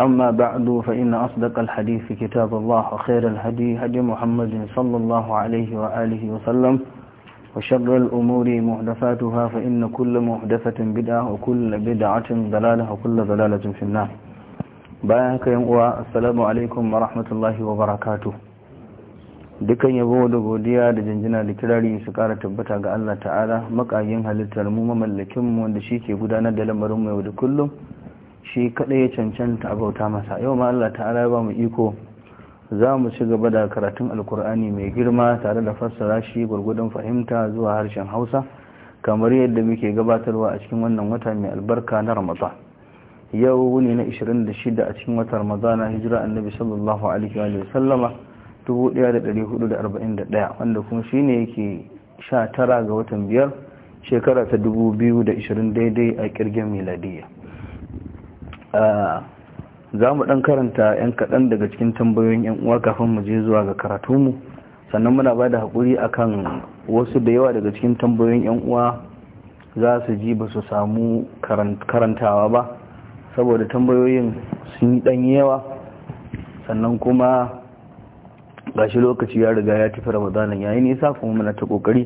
أما بعد فإن أصدق الحديث كتاب الله وخير الهدي هدي محمد صلى الله عليه وآله وسلم وشر الأمور محدثاتها فإن كل محدثة بدعة وكل بدعة ضلالة وكل ضلالة في النار بايك يمقوى السلام عليكم ورحمة الله وبركاته dukan yabo da godiya da jinjina da kirari su kara tabbata ga Allah ta'ala makayin halittar mu mamallakin mu wanda shi ke gudanar da lamarin mu yau da kullum shi kaɗai ya cancanta a bauta masa yau ma Allah ta'ala ba mu iko za mu ci gaba da karatun alkur'ani mai girma tare da fassara shi gwargwadon fahimta zuwa harshen hausa kamar yadda muke gabatarwa a cikin wannan wata mai albarka na ramadan yau wuni na 26 a cikin watan ramadana hijira annabi sallallahu alaihi wa sallama 1441 wanda kuma shine yake 19 ga watan biyar shekara ta 2020 daidai a kirgin miladiyya za mu ɗan karanta 'yan kaɗan daga cikin tambayoyin 'yan uwa kafin mu je zuwa ga karatunmu sannan muna ba da haƙuri akan wasu da yawa daga cikin tambayoyin 'yan uwa za su ji ba su samu karantawa ba saboda tambayoyin sun yi ɗan yawa sannan kuma gashi lokaci ya riga ya tafi ramadanin yayin nisa kuma muna ta ƙoƙari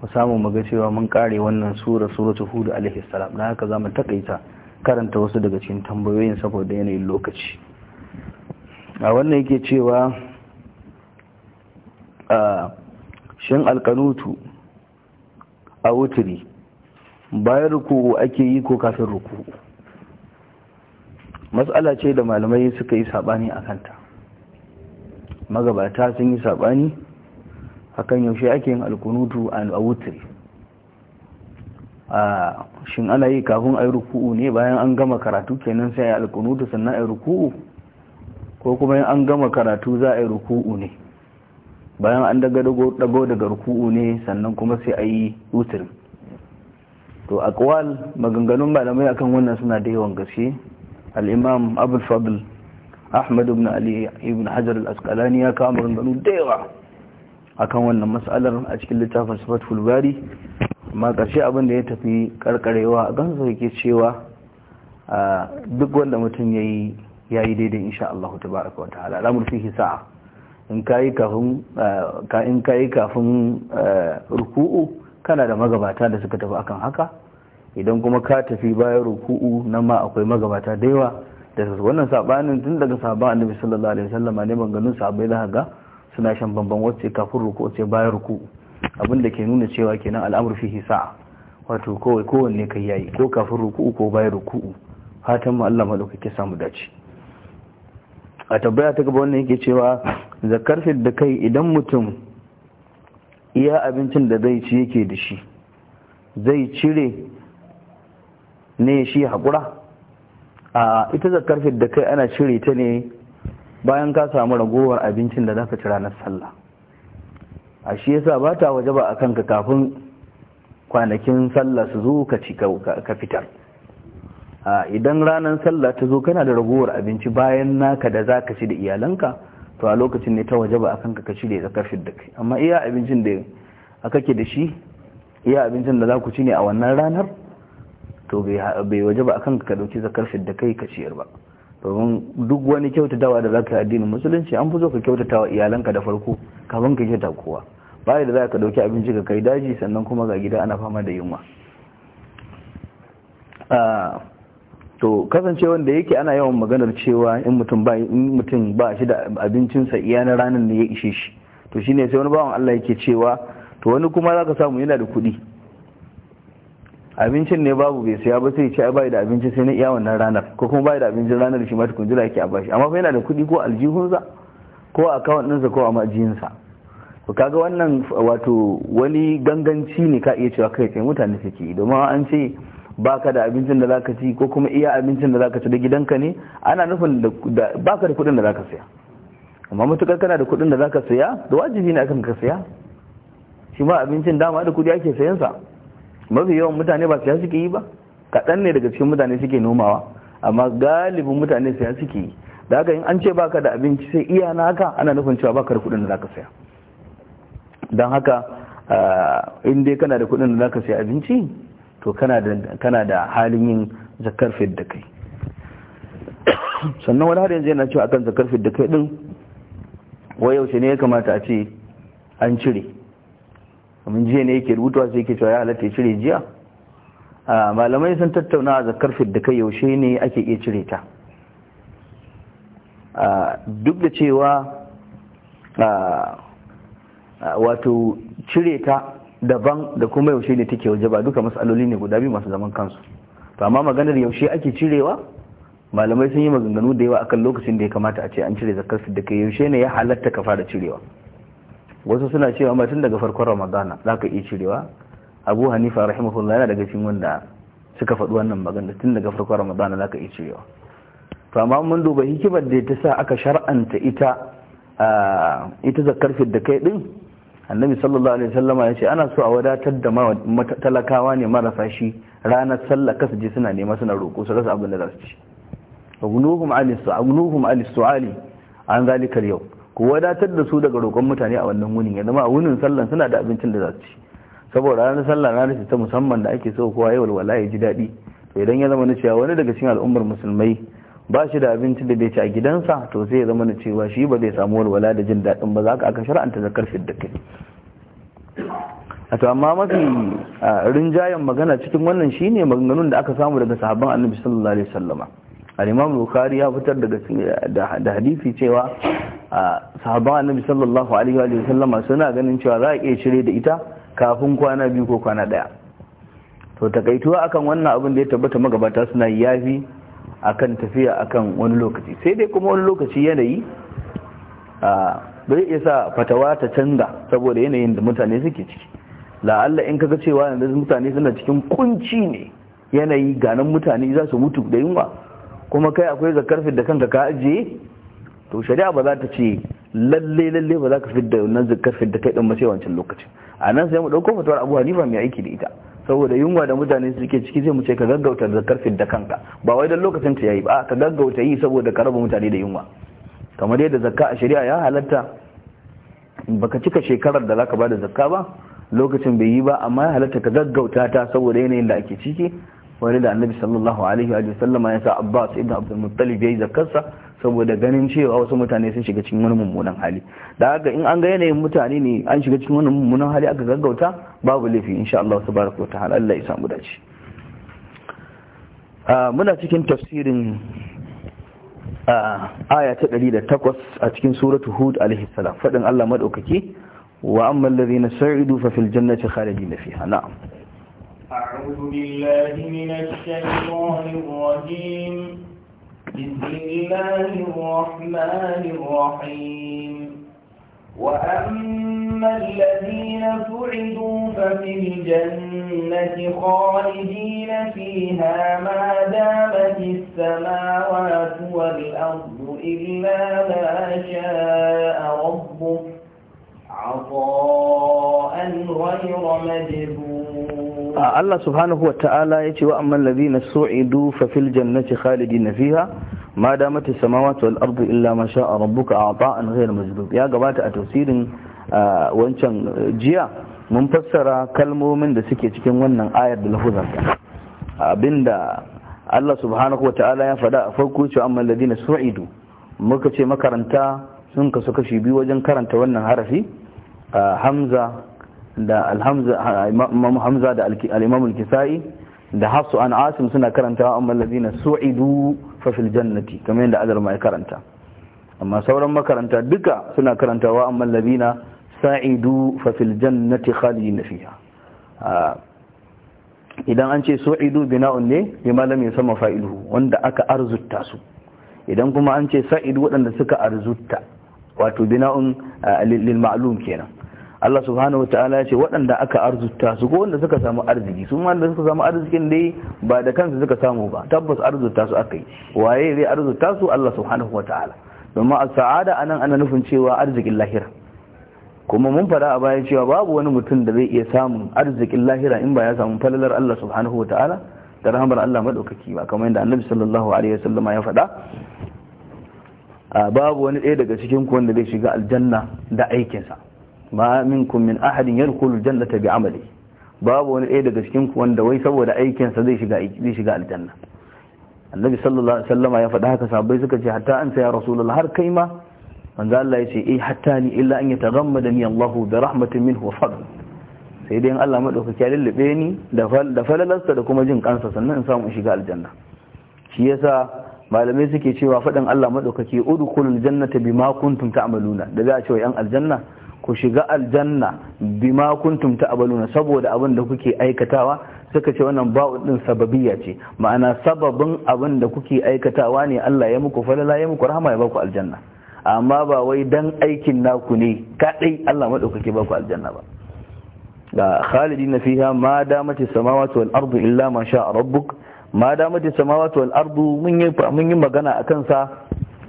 mu samu mu ga cewa mun ƙare wannan sura suratul hud alaihi salam dan haka zamu takaita karanta wasu daga cikin tambayoyin saboda yanayin lokaci a wannan yake cewa a shin alkanutu a wuturi bayan ruku'u ake yi ko kafin ruku'u matsala ce da malamai suka yi sabani a kanta magabata sun yi sabani kan yaushe ake yin alkunutu a wuturi a shin ana yi kafin ayi ruku'u ne bayan an gama karatu kenan sai ayi alqunutu sannan ayi ruku'u ko kuma an gama karatu za a yi ruku'u ne bayan an daga dago daga ruku'u ne sannan kuma sai ayi wutirin to akwal maganganun malamai akan wannan suna da yawan gaske al-imam abul fadl ahmad ibn ali ibn hajar al-asqalani ya kawo maganganu da yawa akan wannan mas'alar a cikin littafin sifatul bari amma ƙarshe abin da ya tafi karkarewa don su cewa duk wanda mutum ya yi ya yi daidai insha Allah ta baraka wa ta'ala alamun fi sa'a in ka yi kafin ruku'u kana da magabata da suka tafi akan haka idan kuma ka tafi bayan ruku'u nan ma akwai magabata da yawa da wannan sabanin tun daga sabon annabi sallallahu alaihi wasallam ne ganin sabai zaka ga suna shan bamban wacce kafin ruku'u ce bayan ruku'u abin da ke nuna cewa kenan al'amur fihi sa'a wato kawai kowanne kai yayi ko kafin ruku'u ko bayan ruku'u fatan mu Allah madaukake samu dace a tabbaya ta gaba wannan yake cewa zakar fit da kai idan mutum iya abincin da zai ci yake da shi zai cire ne shi hakura? a ita zakar da kai ana cire ta ne bayan ka samu ragowar abincin da zaka ci ranar sallah a shi ya sa ba ta waje ba a kanka kafin kwanakin sallah su zo ka fitar idan ranar sallah ta zo kana da ragowar abinci bayan naka da za ka ci da iyalanka to a lokacin ne ta waje ba a kanka ka da ya kafin da kai amma iya abincin da aka ke da shi iya abincin da za ku ci ne a wannan ranar to bai waje ba a kanka ka dauki zakar da kai ka ciyar ba domin duk wani kyautatawa da zaka addinin musulunci an fi so ka kyautatawa iyalanka da farko kafin ka kyauta kowa bayan da za ka dauki abinci ka kai daji sannan kuma ga gida ana fama da yunwa ah, to kasance wanda yake ana yawan maganar cewa in mutum ba in shi da abincinsa iya na ranar ne ya ishe shi to shine sai wani bawan Allah yake cewa to wani kuma zaka samu yana da kuɗi abincin ne babu bai siya ba sai ce ai bai da abinci sai na iya wannan ranar ko kuma bai da abincin ranar shi ma tukun jira yake a bashi amma fa yana da kuɗi ko aljihunsa ko a kawon ɗinsa ko a majiyinsa to kaga wannan wato wani ganganci ne ka iya cewa kai tsaye mutane suke domin an ce baka da abincin da zaka ci ko kuma iya abincin da zaka ci da gidanka ne ana nufin da baka da kuɗin da zaka siya amma mutukar kana da kuɗin da zaka siya da wajibi ne akan ka siya shi ma abincin dama da kuɗi ake sayansa sa mafi yawan mutane ba siya suke yi ba kaɗan ne daga cikin mutane suke nomawa amma galibin mutane siya suke yi da haka in an ce baka da abinci sai iya naka ana nufin cewa baka da kuɗin da zaka saya don haka eh, in dai kana da kuɗin da zaka saya abinci to kana da halin yin zakar fit da kai sannan wani har yanzu yana cewa akan zakar fit da kai din wai yaushe ne ya kamata a ce an cire kamar jiya ne yake rubutuwa sai yake cewa ya halatta ya cire jiya malamai sun tattauna a zakar fidda kai yaushe ne ake iya cire ta duk da cewa wato cire ta daban da kuma yaushe ne take waje ba duka matsaloli ne guda biyu masu zaman kansu to amma maganar yaushe ake cirewa malamai sun yi maganganu da yawa akan lokacin da ya kamata a ce an cire zakar fidda kai yaushe ne ya halatta ka fara cirewa wasu suna cewa ma tun daga farkon ramadana za ka iya cirewa abu hanifa rahimahullah yana daga cikin wanda suka faɗi wannan magana tun daga farkon ramadana za ka iya cirewa to amma mun duba hikimar da ta sa aka shar'anta ita ita zakar da kai din annabi sallallahu alaihi wasallama ya ce ana so a wadatar da talakawa ne marasa shi ranar sallah kasu je suna nema suna roƙo su rasa abin da za su ci agnuhum alisu ali an zalikar yau ku wadatar da su daga roƙon mutane a wannan wunin ya zama a wunin sallan suna da abincin da za su ci saboda ranar sallah ranar ce ta musamman da ake so kowa ya walwala ya ji daɗi to idan ya zama na cewa wani daga cikin al'ummar musulmai ba shi da abincin da bai ci a gidansa to sai ya zama na cewa shi ba zai samu walwala da jin daɗin ba za ka aka shar'anta karfe da kai amma mafi rinjayen magana cikin wannan shine maganganun da aka samu daga sahabban annabi sallallahu alaihi wasallama al-imam bukhari ya fitar daga da hadisi cewa sahabban annabi sallallahu alaihi wa sallama suna ganin cewa za a iya cire da ita kafin kwana biyu ko kwana daya to takaituwa akan wannan abin da ya tabbata magabata suna yafi akan tafiya akan wani lokaci sai dai kuma wani lokaci yanayi bai iya sa fatawa ta canza saboda yanayin da mutane suke ciki la'alla in kaga cewa yanzu mutane suna cikin kunci ne yanayi ganin mutane za su mutu da yunwa kuma kai akwai zakarfin da kanka ka ajiye to shari'a ba za ta ce lalle lalle ba za ka fidda wannan zakar fidda kai din mace wancan lokacin a nan sai mu dauko fatawar Abu Hanifa mai aiki da ita saboda yunwa da mutane suke ciki zai mu ce ka gaggauta zakar fidda kanka ba wai dan lokacin ta yayi ba ka gaggauta yi saboda ka raba mutane da yunwa kamar yadda zakka a shari'a ya halatta baka cika shekarar da zaka bada zakka ba lokacin bai yi ba amma ya halatta ka gaggauta ta saboda yanayin da ake ciki wani da annabi sallallahu alaihi wa sallama ya sa abbas ibn abdul muttalib yayi zakarsa saboda ganin cewa wasu mutane sun shiga cikin wani mummunan hali da haka in an ga yanayin mutane ne an shiga cikin wani mummunan hali aka gaggauta babu laifi insha Allah subhanahu wa ta'ala Allah ya samu dace ah, muna cikin tafsirin ah, aya ta 108 a cikin suratu hud alaihi salam fadin Allah madaukake wa amma alladhina sa'idu fa fil jannati khalidina fiha na'am أعوذ بالله من الشيطان الرجيم بسم الله الرحمن الرحيم وأما الذين سعدوا ففي الجنة خالدين فيها ما دامت السماوات والأرض إلا ما شاء ربك عطاء غير مجد Allah subhanahu wa ta'ala ya ce wa amman ladina su'idu fa fil jannati khalidina fiha ma damat as-samawati wal ardu illa ma sha'a rabbuka a'ta'an ghayr majdud ya gabata a tafsirin wancan jiya mun fassara kalmomin da suke cikin wannan ayar da lafuzar abinda Allah subhanahu wa ta'ala ya faɗa a farko wa amman ladina su'idu muka ce makaranta sun kasu kashi biyu wajen karanta wannan harafi hamza da imam hamza da Alimamul kisai da hafsu an asim suna wa amma na su'idu fa fil jannati kamar yadda azar mai karanta amma sauran makaranta duka suna karantawa amma na sa'idu fa fil jannati na fiha idan an ce su'idu bina'un ne malam ya sama fa'iluhu wanda aka arzuta su idan kuma an ce sa'idu waɗanda suka arzuta, wato bina'un lil ma'alum kenan Allah subhanahu wa ta'ala ya ce waɗanda aka arzuta su ko wanda suka samu arziki su wanda suka samu arzikin dai ba da kansu suka samu ba tabbas arzuta su aka yi waye zai arzuta su Allah subhanahu wa ta'ala domin a sa'ada anan ana nufin cewa arzikin lahira kuma mun fara a baya cewa babu wani mutum da zai iya samun arzikin lahira in ba ya samu falalar Allah subhanahu wa ta'ala da rahmar Allah madaukaki ba kamar yadda Annabi sallallahu alaihi wasallama ya faɗa babu wani ɗaya daga cikin ku wanda zai shiga aljanna da aikinsa ma minkum min ahadin yadkhulul jannata bi amali babu wani ɗaya daga cikin ku wanda wai saboda aikinsa zai shiga zai shiga aljanna annabi sallallahu alaihi wasallama ya faɗa haka sahabbai suka ce hatta an ya rasulullah har kai ma manzo Allah ya ce eh hatta ni illa an yataghammada ni Allahu bi rahmatin minhu wa fadl sai dai Allah madaukaki ya lullube ni da falalarsa da kuma jin kansa sannan in samu shiga aljanna shi yasa malamai suke cewa faɗin Allah madaukaki udkhulul jannata bima kuntum ta'maluna da za a ce wa yan aljanna ku shiga aljanna bima kuntum ta'maluna saboda abin da kuke aikatawa suka ce wannan ba'u din sababiyya ce ma'ana sababin abin da kuke aikatawa ne Allah ya muku falala ya muku rahama ya baku aljanna amma ba wai dan aikin naku ne kadai Allah madaukake baku aljanna ba da khalidina fiha ma damati samawati wal ardu illa ma sha rabbuk ma damati samawati wal ardu mun yi magana akan sa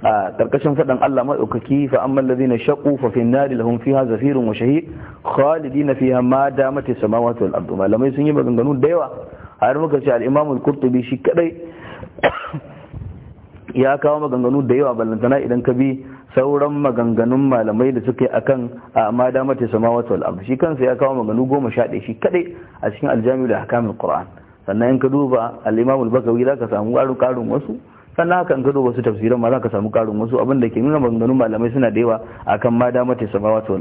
a karkashin fadan Allah madaukaki fa amma ladina shaqu fa fi an lahum fiha zafirun wa shahiq khalidina fiha ma damat as-samawati wal ardu malamai sun yi maganganu da yawa har muka ce al-imam al shi kadai ya kawo maganganu da yawa ballantana idan ka bi sauran maganganun malamai da suke akan a ma damat as-samawati wal ardu shi kansa ya kawo maganganu goma sha ɗaya shi kadai a cikin al-jami' da ahkamul qur'an sannan in ka duba al-imam al-bakawi zaka samu ƙarin wasu sannan haka in ka duba su tafsiran ma za ka samu karin wasu abin da ke nuna maganganun malamai suna da yawa akan ma da mata samawati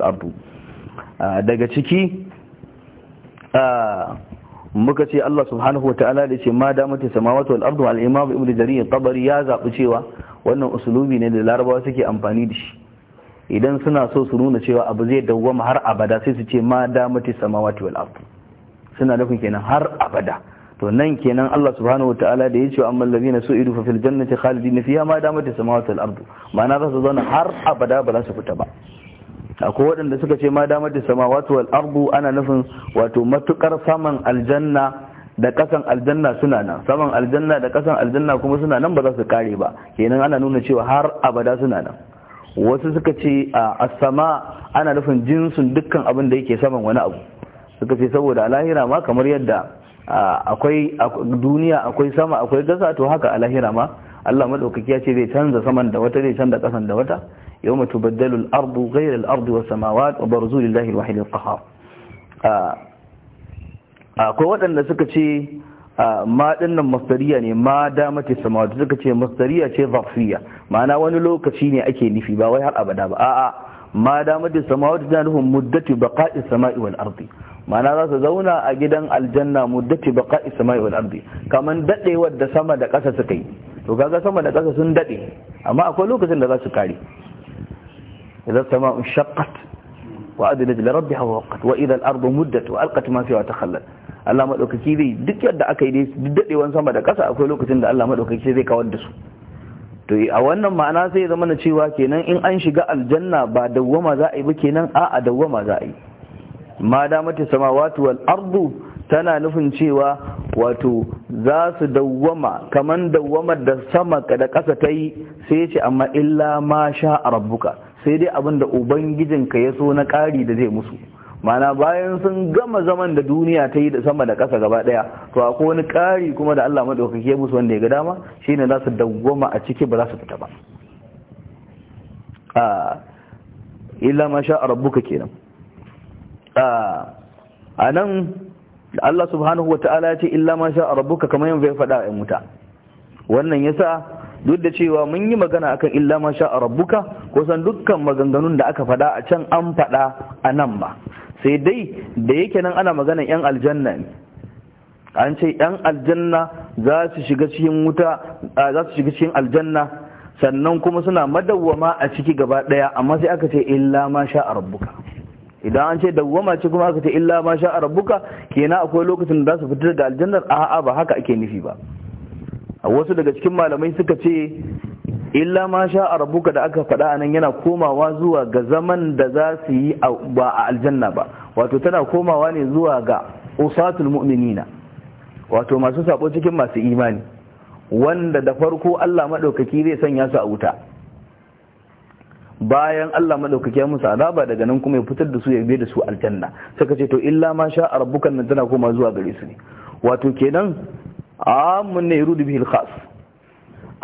daga ciki muka ce Allah subhanahu ta'ala da ce ma da mata samawati wal ardu al imam ibnu jarir ya zabi cewa wannan usulubi ne da larabawa suke amfani da shi idan suna so su nuna cewa abu zai dawwama har abada sai su ce ma da mata samawati wal ardu suna nufin kenan har abada to nan kenan Allah subhanahu wataala da yace amma allazina su'idu fa fil jannati khalidina fiha ma damat as-samawati wal ardu ma'ana za su zauna har abada ba za su fita ba akwai waɗanda suka ce ma damat as-samawati wal ardu ana nufin wato matukar saman aljanna da kasan aljanna suna nan saman aljanna da kasan aljanna kuma suna nan ba za su kare ba kenan ana nuna cewa har abada suna nan wasu suka ce a sama ana nufin jinsin dukkan abin da yake saman wani abu suka ce saboda a lahira ma kamar yadda akwai duniya akwai sama akwai gasa to haka a lahira ma Allah madaukaki ya ce zai canza saman da wata zai canza kasan da wata yawma tubaddalu al-ardu ghayra al-ardi wa samawati wa barzu lillahi al-wahid al-qahhar akwai waɗanda suka ce ma dinnan masdariya ne ma ce samawati suka ce masdariya ce zafiya ma'ana wani lokaci ne ake nufi ba wai har abada ba a'a ma damati samawati da nufin muddatu baqa'i samai wal ardi mana za su zauna a gidan aljanna muddati baqa isma'i wal ardi kaman daɗe wadda sama da ƙasa suka yi to kaga sama da ƙasa sun dade amma akwai lokacin da za su kare idza sama'u shaqqat wa adnat li rabbiha wa waqat wa idza al ardu muddat wa alqat ma fiha wa takhallat Allah madaukaki zai duk yadda aka yi dai dadewan sama da ƙasa akwai lokacin da Allah madaukaki zai kawar da su to a wannan ma'ana sai ya zama na cewa kenan in an shiga aljanna ba dawwama za a yi ba kenan a'a dawwama za a yi ma damata samawati wal ardu tana nufin cewa wato za su dawwama kaman dawwamar da sama da ƙasa ta yi sai ce amma illa ma sha a rabbuka sai dai abin da ubangijinka ya so na ƙari da zai musu mana bayan sun gama zaman da duniya ta yi da sama da ƙasa gaba ɗaya to akwai wani ƙari kuma da Allah maɗaukaki ya musu wanda ya ga dama shine za su dawwama a ciki ba za su fita ba ah, illa ma sha a rabbuka kenan a nan Allah subhanahu wa ta'ala ya ce illa ma sha rabbuka kamar yadda ya faɗa a muta wannan yasa duk da cewa mun yi magana akan illa ma sha rabbuka kusan dukkan maganganun da aka faɗa a can an faɗa a nan ba sai dai da yake nan ana magana yan aljanna ne an ce yan aljanna za su shiga cikin wuta za su shiga cikin aljanna sannan kuma suna madawwama a ciki gaba ɗaya amma sai aka ce illa ma sha rabbuka idan an ce dawwama ce kuma aka ce illa ma sha'a rabbuka kenan akwai lokacin da za su fitar da aljannar a'a ba haka ake nufi ba wasu daga cikin malamai suka ce illa ma sha'a rabbuka da aka faɗa anan yana komawa zuwa ga zaman da za su yi ba a aljanna ba wato tana komawa ne zuwa ga usatul mu'minina wato masu sabo cikin masu imani wanda da farko Allah maɗaukaki zai sanya su a wuta bayan Allah madaukake ya musu azaba daga nan kuma ya fitar da su ya bi da su aljanna saka ce to illa ma sha rabbukan nan tana koma zuwa gare su ne wato kenan amun ne yurudu bihil khas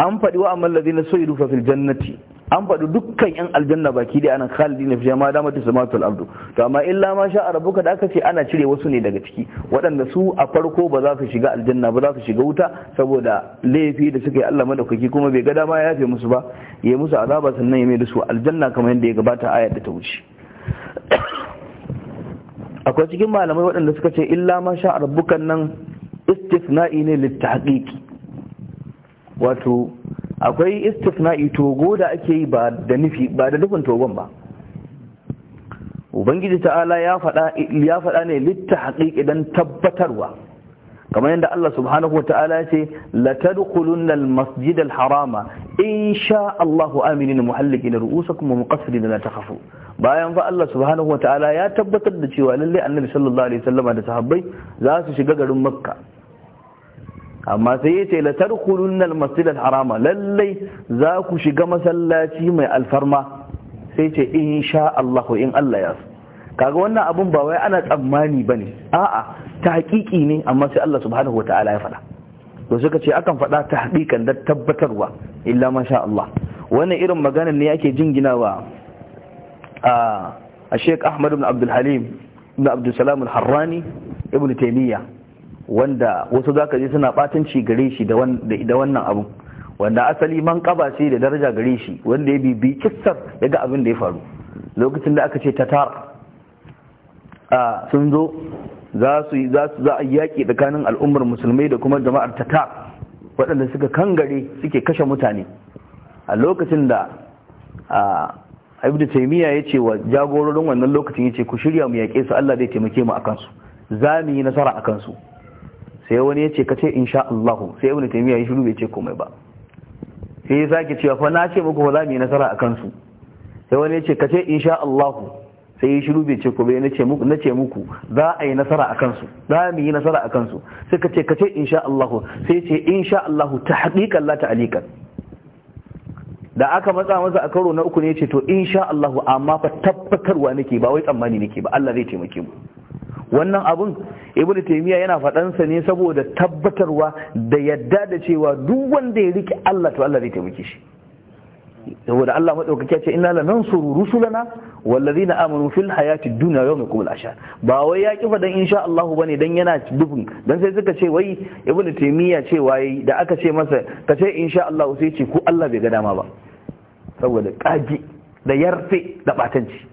an faɗi wa amma na soyi rufe fil jannati an faɗi dukkan yan aljanna baki da anan na fiye ma ta samatu al ardu to amma illa ma sha rabbuka da aka ce ana cire wasu ne daga ciki waɗanda su a farko ba za su shiga aljanna ba za su shiga wuta saboda laifi da suka yi Allah madaukaki kuma bai ga dama ya yafe musu ba ya musu azaba sannan ya mai da su aljanna kamar yadda ya gabata ayar da ta wuce akwai cikin malamai waɗanda suka ce illa ma sha rabbukan nan istisna'i ne littahaƙiƙi wato akwai istifna'i togo da ake yi ba da nufi ba da nufin togon ba ubangiji ta'ala ya faɗa ne litta haƙiƙi don tabbatarwa kamar yadda Allah subhanahu wa ta'ala ya ce latadkhulunna al-masjid al-harama in sha Allahu aminin muhallikin ru'usakum wa muqassirin la takhafu bayan fa Allah subhanahu wa ya tabbatar da cewa lalle annabi sallallahu alaihi wasallam da sahabbai za su shiga garin makka amma sai ya ce la tarkulun al harama lallai za ku shiga masallaci mai alfarma sai ce insha Allah in Allah ya so kaga wannan abun ba wai ana tsammani ne. a'a ta haƙiƙi ne amma sai Allah subhanahu wataala ya faɗa to suka ce akan faɗa ta hakikan da tabbatarwa illa ma sha Allah wannan irin maganar ne ake jinginawa a Sheikh Ahmad ibn Abdul Halim ibn Abdul Salam al-Harrani ibn Taymiyyah wanda wasu zaka je suna batanci gare shi da wannan abu wanda asali man kaba ce da daraja gare shi wanda ya bibi kissar ya ga abin da ya faru lokacin da aka ce tatar a sun zo za su za a yaƙi tsakanin al'ummar musulmai da kuma jama'ar tatar waɗanda suka gare suke kashe mutane a lokacin da a ibnu taymiya ya ce wa jagororin wannan lokacin ya ce ku shirya mu yaƙe su Allah zai taimake mu akan su za mu yi nasara a kansu. sai wani yace kace insha Allah sai ibnu taymiya ya shiru bai ce komai ba sai ya sake cewa fa na ce muku za mu yi nasara a kansu sai wani yace kace insha Allah sai ya shiru bai ce komai na ce muku na ce muku za a yi nasara a kansu za mu yi nasara akan su sai kace kace insha Allah sai ce insha Allah tahqiqan la ta'liqan da aka matsa masa a karo na uku ne ya ce to insha Allah amma fa tabbatarwa nake ba wai tsammani nake ba Allah zai taimake mu wannan abun ibn taymiya yana faɗansa ne saboda tabbatarwa da yadda da cewa duk wanda ya rike Allah to Allah zai taimake shi saboda Allah madaukaki ya ce inna la nansuru rusulana ladina amanu fil hayati dunya yawm yaqumul asha!" ba wai ya kifa dan insha Allah bane dan yana dubin dan sai suka ce wai ibn taymiya ce wai da aka ce masa ka ce insha Allah sai ce ku Allah bai ga dama ba saboda kaji da yarfe da batanci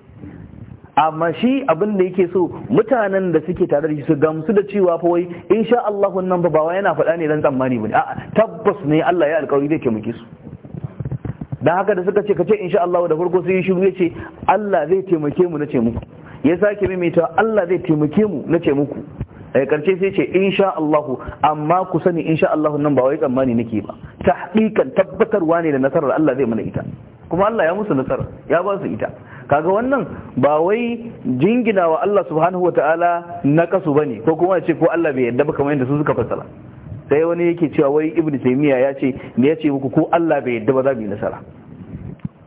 amma shi abin da yake so mutanen da suke tare da shi su gamsu da cewa fa wai insha Allah wannan ba bawa yana faɗa ne dan tsammani bane a'a tabbas ne Allah ya alƙawari zai taimake su dan haka da suka ce kace insha Allah da farko sai shiru ce Allah zai taimake mu na ce muku ya sake mimita Allah zai taimake mu na ce muku a karshe sai ce insha Allahu amma ku sani insha Allahu nan ba wai tsammani nake ba tahqiqan tabbatarwa ne da nasarar Allah zai mana ita kuma Allah ya musu nasara ya ba su ita kaga wannan ba wai jingina wa Allah subhanahu wataala na kasu bane ko kuma ce ko Allah bai yarda ba kamar yadda su suka fassara sai wani yake cewa wai ibn taymiya ya ce me ya ce muku ko Allah bai yarda ba za mu yi nasara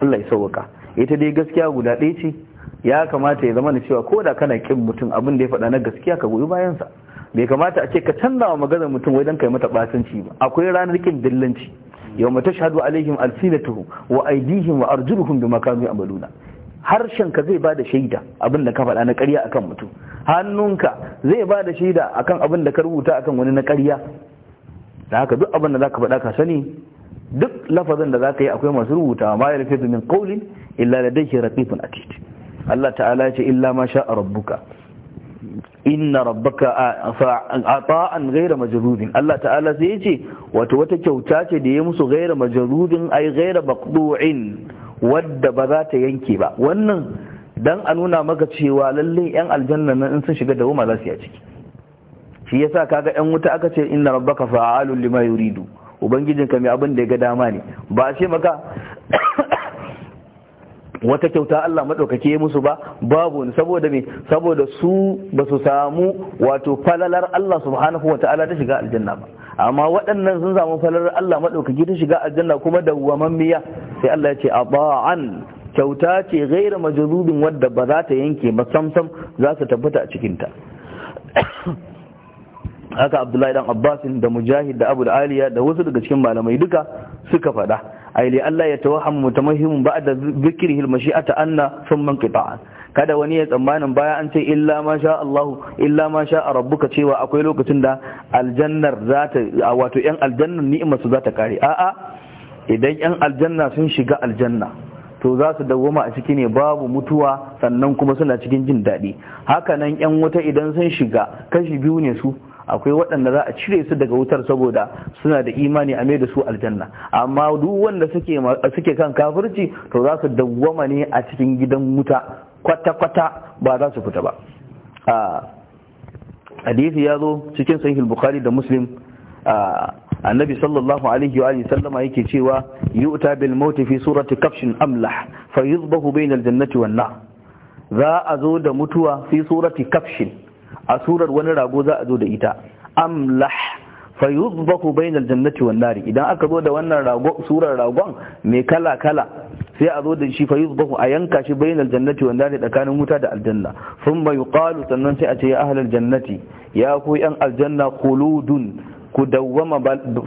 Allah ya sauka ita dai gaskiya guda ɗaya ce ya kamata ya zama da cewa ko da kana kin mutum abin da ya faɗa na gaskiya ka goyi bayansa bai kamata a ce ka canza wa maganar mutum wai dan kai mata basanci ba akwai ranar kin dillanci yawma tashhadu alaihim alsinatuhum wa aydihim wa arjuluhum bima kanu ya'maluna harshen ka zai bada shaida abin da ka faɗa na ƙarya akan mutum hannunka zai bada shaida akan abin da ka rubuta akan wani na ƙarya da haka duk abin da zaka faɗa ka sani duk lafazin da zaka yi akwai masu rubuta ma rufe min qawlin illa ladayhi raqibun atid Allah ta'ala ce illa ma sha'a rabbuka inna rabbaka ata'an gaira majrudin Allah ta'ala sai ce wato wata kyauta ce da ya musu ghaira majrudin ai gaira maqdu'in wadda ba za ta yanke ba wannan dan a nuna maka cewa lallai yan aljanna nan in sun shiga da wuma za su ya ciki shi yasa kaga yan wuta aka ce inna rabbaka fa'alun lima yuridu ubangijinka mai abin da ya ga dama ne ba a ce maka wata kyauta Allah maɗaukake musu ba babu saboda me saboda su ba su samu wato falalar Allah subhanahu wa ta'ala ta shiga aljanna ba amma waɗannan sun samu falalar Allah maɗaukake ta shiga aljanna kuma da dawwamammiya sai Allah ya ce aba'an kyauta ce gaira majzubin wadda ba za ta yanke ba samsam za su tabbata a cikin ta haka Abdullahi dan Abbasin da Mujahid da Abu da Aliya da wasu daga cikin malamai duka suka faɗa ay li Allah ya tawahham mutamahhim ba'da dhikrihi al-mashi'ata anna thumma inqita'an kada wani ya tsammanin baya an ce illa ma sha Allah illa ma sha rabbuka cewa akwai lokacin da aljannar za ta wato yan aljannar ni'imar su za ta kare a'a idan yan aljanna sun shiga aljanna to za su dawoma a ciki ne babu mutuwa sannan kuma suna cikin jin daɗi haka nan yan wuta idan sun shiga kashi biyu ne su akwai waɗanda za a cire su daga wutar saboda suna da imani a mai da su aljanna amma duk wanda suke kan kafirci to za su dawwama ne a cikin gidan wuta kwata-kwata ba za su fita ba hadisi ya zo cikin sahih bukhari da muslim annabi sallallahu alaihi wa alihi sallama yake cewa yu'ta bil maut fi surati kafshin amlah fa yuzbahu bayna jannati wan nar za a zo da mutuwa fi surati kafshin a surar wani rago za a zo da ita amlah fa yuzbahu bainal jannati wan nari idan aka zo da wannan rago surar ragon mai kala kala sai a zo da shi fa yuzbahu a yanka shi bainal jannati wan nari tsakanin wuta da aljanna thumma yuqalu sannan sai a ce ya ahlal jannati ya ku yan aljanna khuludun ku dawwama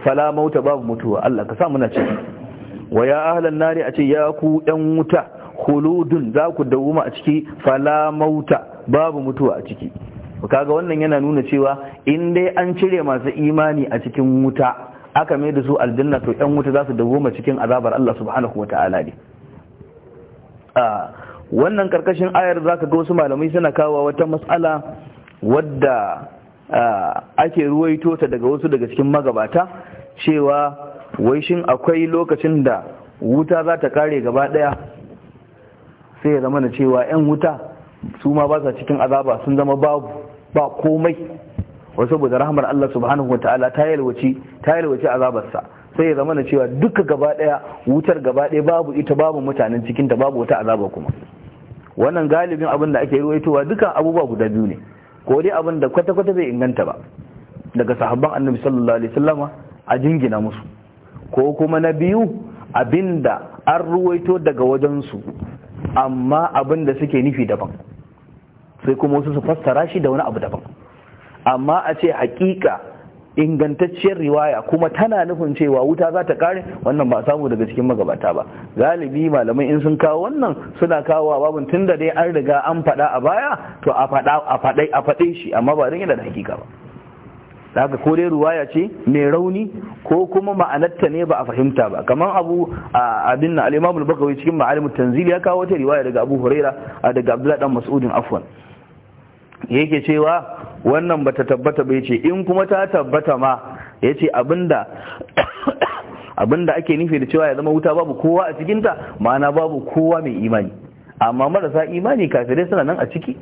fala mauta babu mutuwa Allah ka sa muna ciki wa ya ahlan nari a ce ya ku yan wuta khuludun za ku dawwama a ciki fala mauta babu mutuwa a ciki kaga wannan yana nuna cewa in dai an cire masu imani a cikin wuta aka mai da su aljanna to yan wuta za su ma cikin azabar Allah subhanahu wa ta'ala ne wannan karkashin ayar zaka ga wasu malamai suna kawo wata matsala wadda ake ruwaito ta daga wasu daga cikin magabata cewa wai shin akwai lokacin da wuta za ta kare gaba daya sai ya zama na cewa yan wuta su ma ba sa cikin azaba sun zama babu ba komai wa saboda rahmar Allah subhanahu wa ta'ala ta yalwaci ta yalwaci azabarsa sai ya zama na cewa duka gaba daya wutar gaba daya babu ita babu mutanen cikin ta babu wata azaba kuma wannan galibin abin da ake ruwaitowa dukan abubuwa guda biyu ne ko dai abin da kwata-kwata bai inganta ba daga sahabban annabi sallallahu alaihi wasallama a jingina musu ko kuma na biyu abinda an ruwaito daga su amma abinda suke nufi daban sai kuma wasu su fassara shi da wani abu daban amma a ce hakika ingantacciyar riwaya kuma tana nufin cewa wuta za ta kare wannan ba samu daga cikin magabata ba galibi malamai in sun kawo wannan suna kawo babin tun da dai an riga an faɗa a baya to a faɗa a faɗe shi amma ba don yana da hakika ba haka ko dai ruwaya ce mai rauni ko kuma ma'anarta ne ba a fahimta ba kamar abu abin na alimamul bakawai cikin ma'alimul tanzili ya kawo wata riwaya daga abu huraira daga abdullahi dan mas'udin afwan yake cewa wannan bata tabbata ba yace in kuma ta tabbata ma yace abinda abinda ake nufi da cewa ya zama wuta babu kowa a cikinta ma'ana babu kowa mai imani amma marasa imani kafirai suna nan a ciki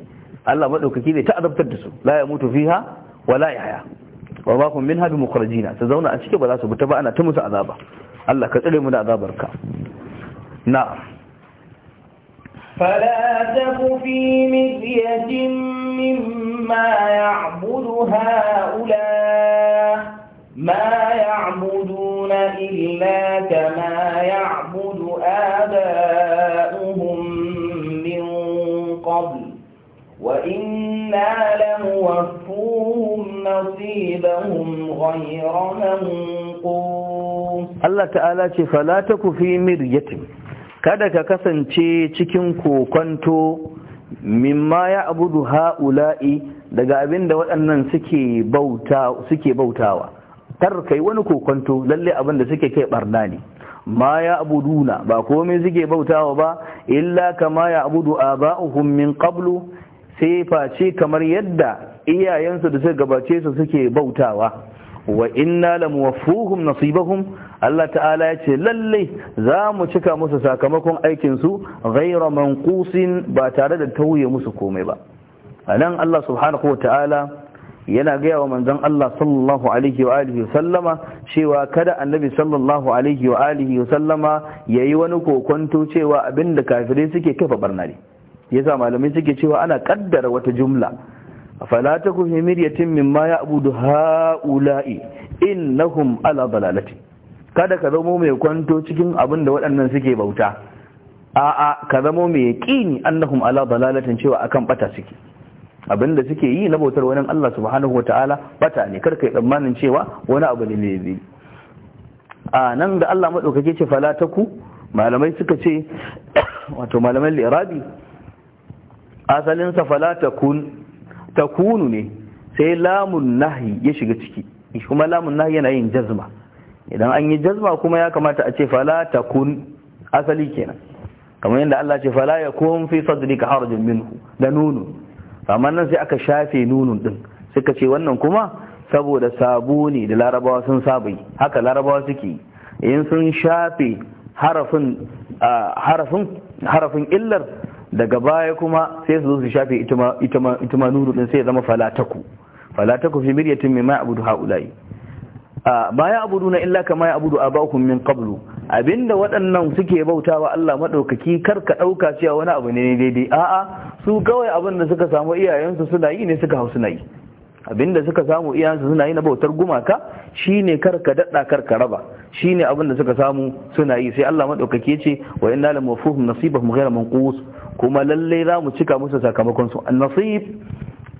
Allah madaukaki zai ta azabtar da su la ya mutu fiha wa la yahya wa ma kun minha bi su zauna a ciki ba za su fita ba ana ta musu azaba Allah ka tsare mu da azabarka na'am فلا تك في مرية مما يعبد هؤلاء ما يعبدون إلا كما يعبد آباؤهم من قبل وإنا لموفوهم نصيبهم غير منقوص الله تعالى فلا تك في مرية kada ka kasance cikin kokonto mimma ya abudu ha'ula'i daga abin da waɗannan suke bautawa kar kai wani kokonto lalle abin da suke kai ɓarna ne ma ya abuduna ba komai suke bautawa ba illa kama ya abudu a ba'uhun min qablu sai face kamar yadda iyayensu da suka gabace su suke bautawa wa inna lamuwaffuhum nasibahum Allah ta'ala ya ce lalle za mu cika musu sakamakon aikinsu ghaira manqusin ba tare da tauye musu komai ba anan Allah subhanahu wa ta'ala yana gaya wa manzon Allah sallallahu alaihi wa alihi wa sallama cewa kada annabi sallallahu alaihi wa alihi wa sallama yayi wani kokonto cewa abinda kafirai suke kafa barna ne yasa malamai suke cewa ana kaddara wata jumla fala taku fi mimma ya'budu ha'ula'i innahum ala dalalati kada ka zamo mai kwanto cikin abin da waɗannan suke bauta a'a ka zamo mai yaqini annahum ala dalalatin cewa akan bata suke abin da suke yi na bautar wani Allah subhanahu Ta'ala bata ne kar kai tsammanin cewa wani abu ne mai a nan da Allah madaukake ce fala taku malamai suka ce wato malamai lirabi asalinsa falatakun fala takunu ne sai lamun nahi ya shiga ciki kuma lamun nahi yana yin jazma idan an yi jazma kuma ya kamata a ce fala kun asali kenan kamar yadda Allah ce fala ya fi sadrika harajun minhu da nunu amma nan sai aka shafe nunun din suka ce wannan kuma saboda sabo ne da larabawa sun saba haka larabawa suke in sun shafe harafin harafin harafin illar daga baya kuma sai su zo su shafe ita ma nunu din sai ya zama falataku falataku fi miryatin mimma abudu haula'i ba ya abudu na illa kama ya abudu bakun min Kablu, abinda waɗannan suke bautawa Allah maɗaukaki, karka ɗauka cewa wani abu ne daidai a'a su kawai abin da suka samu iyayensu suna yi ne suka hau suna yi abinda suka samu iyayensu suna yi na bautar gumaka shine karka daɗa karka raba shine abinda suka samu suna yi sai Allah maɗaukaki ce wa inna lam nasibar nasibahum ghayra manqus kuma lallai za mu cika musu sakamakon su an-nasib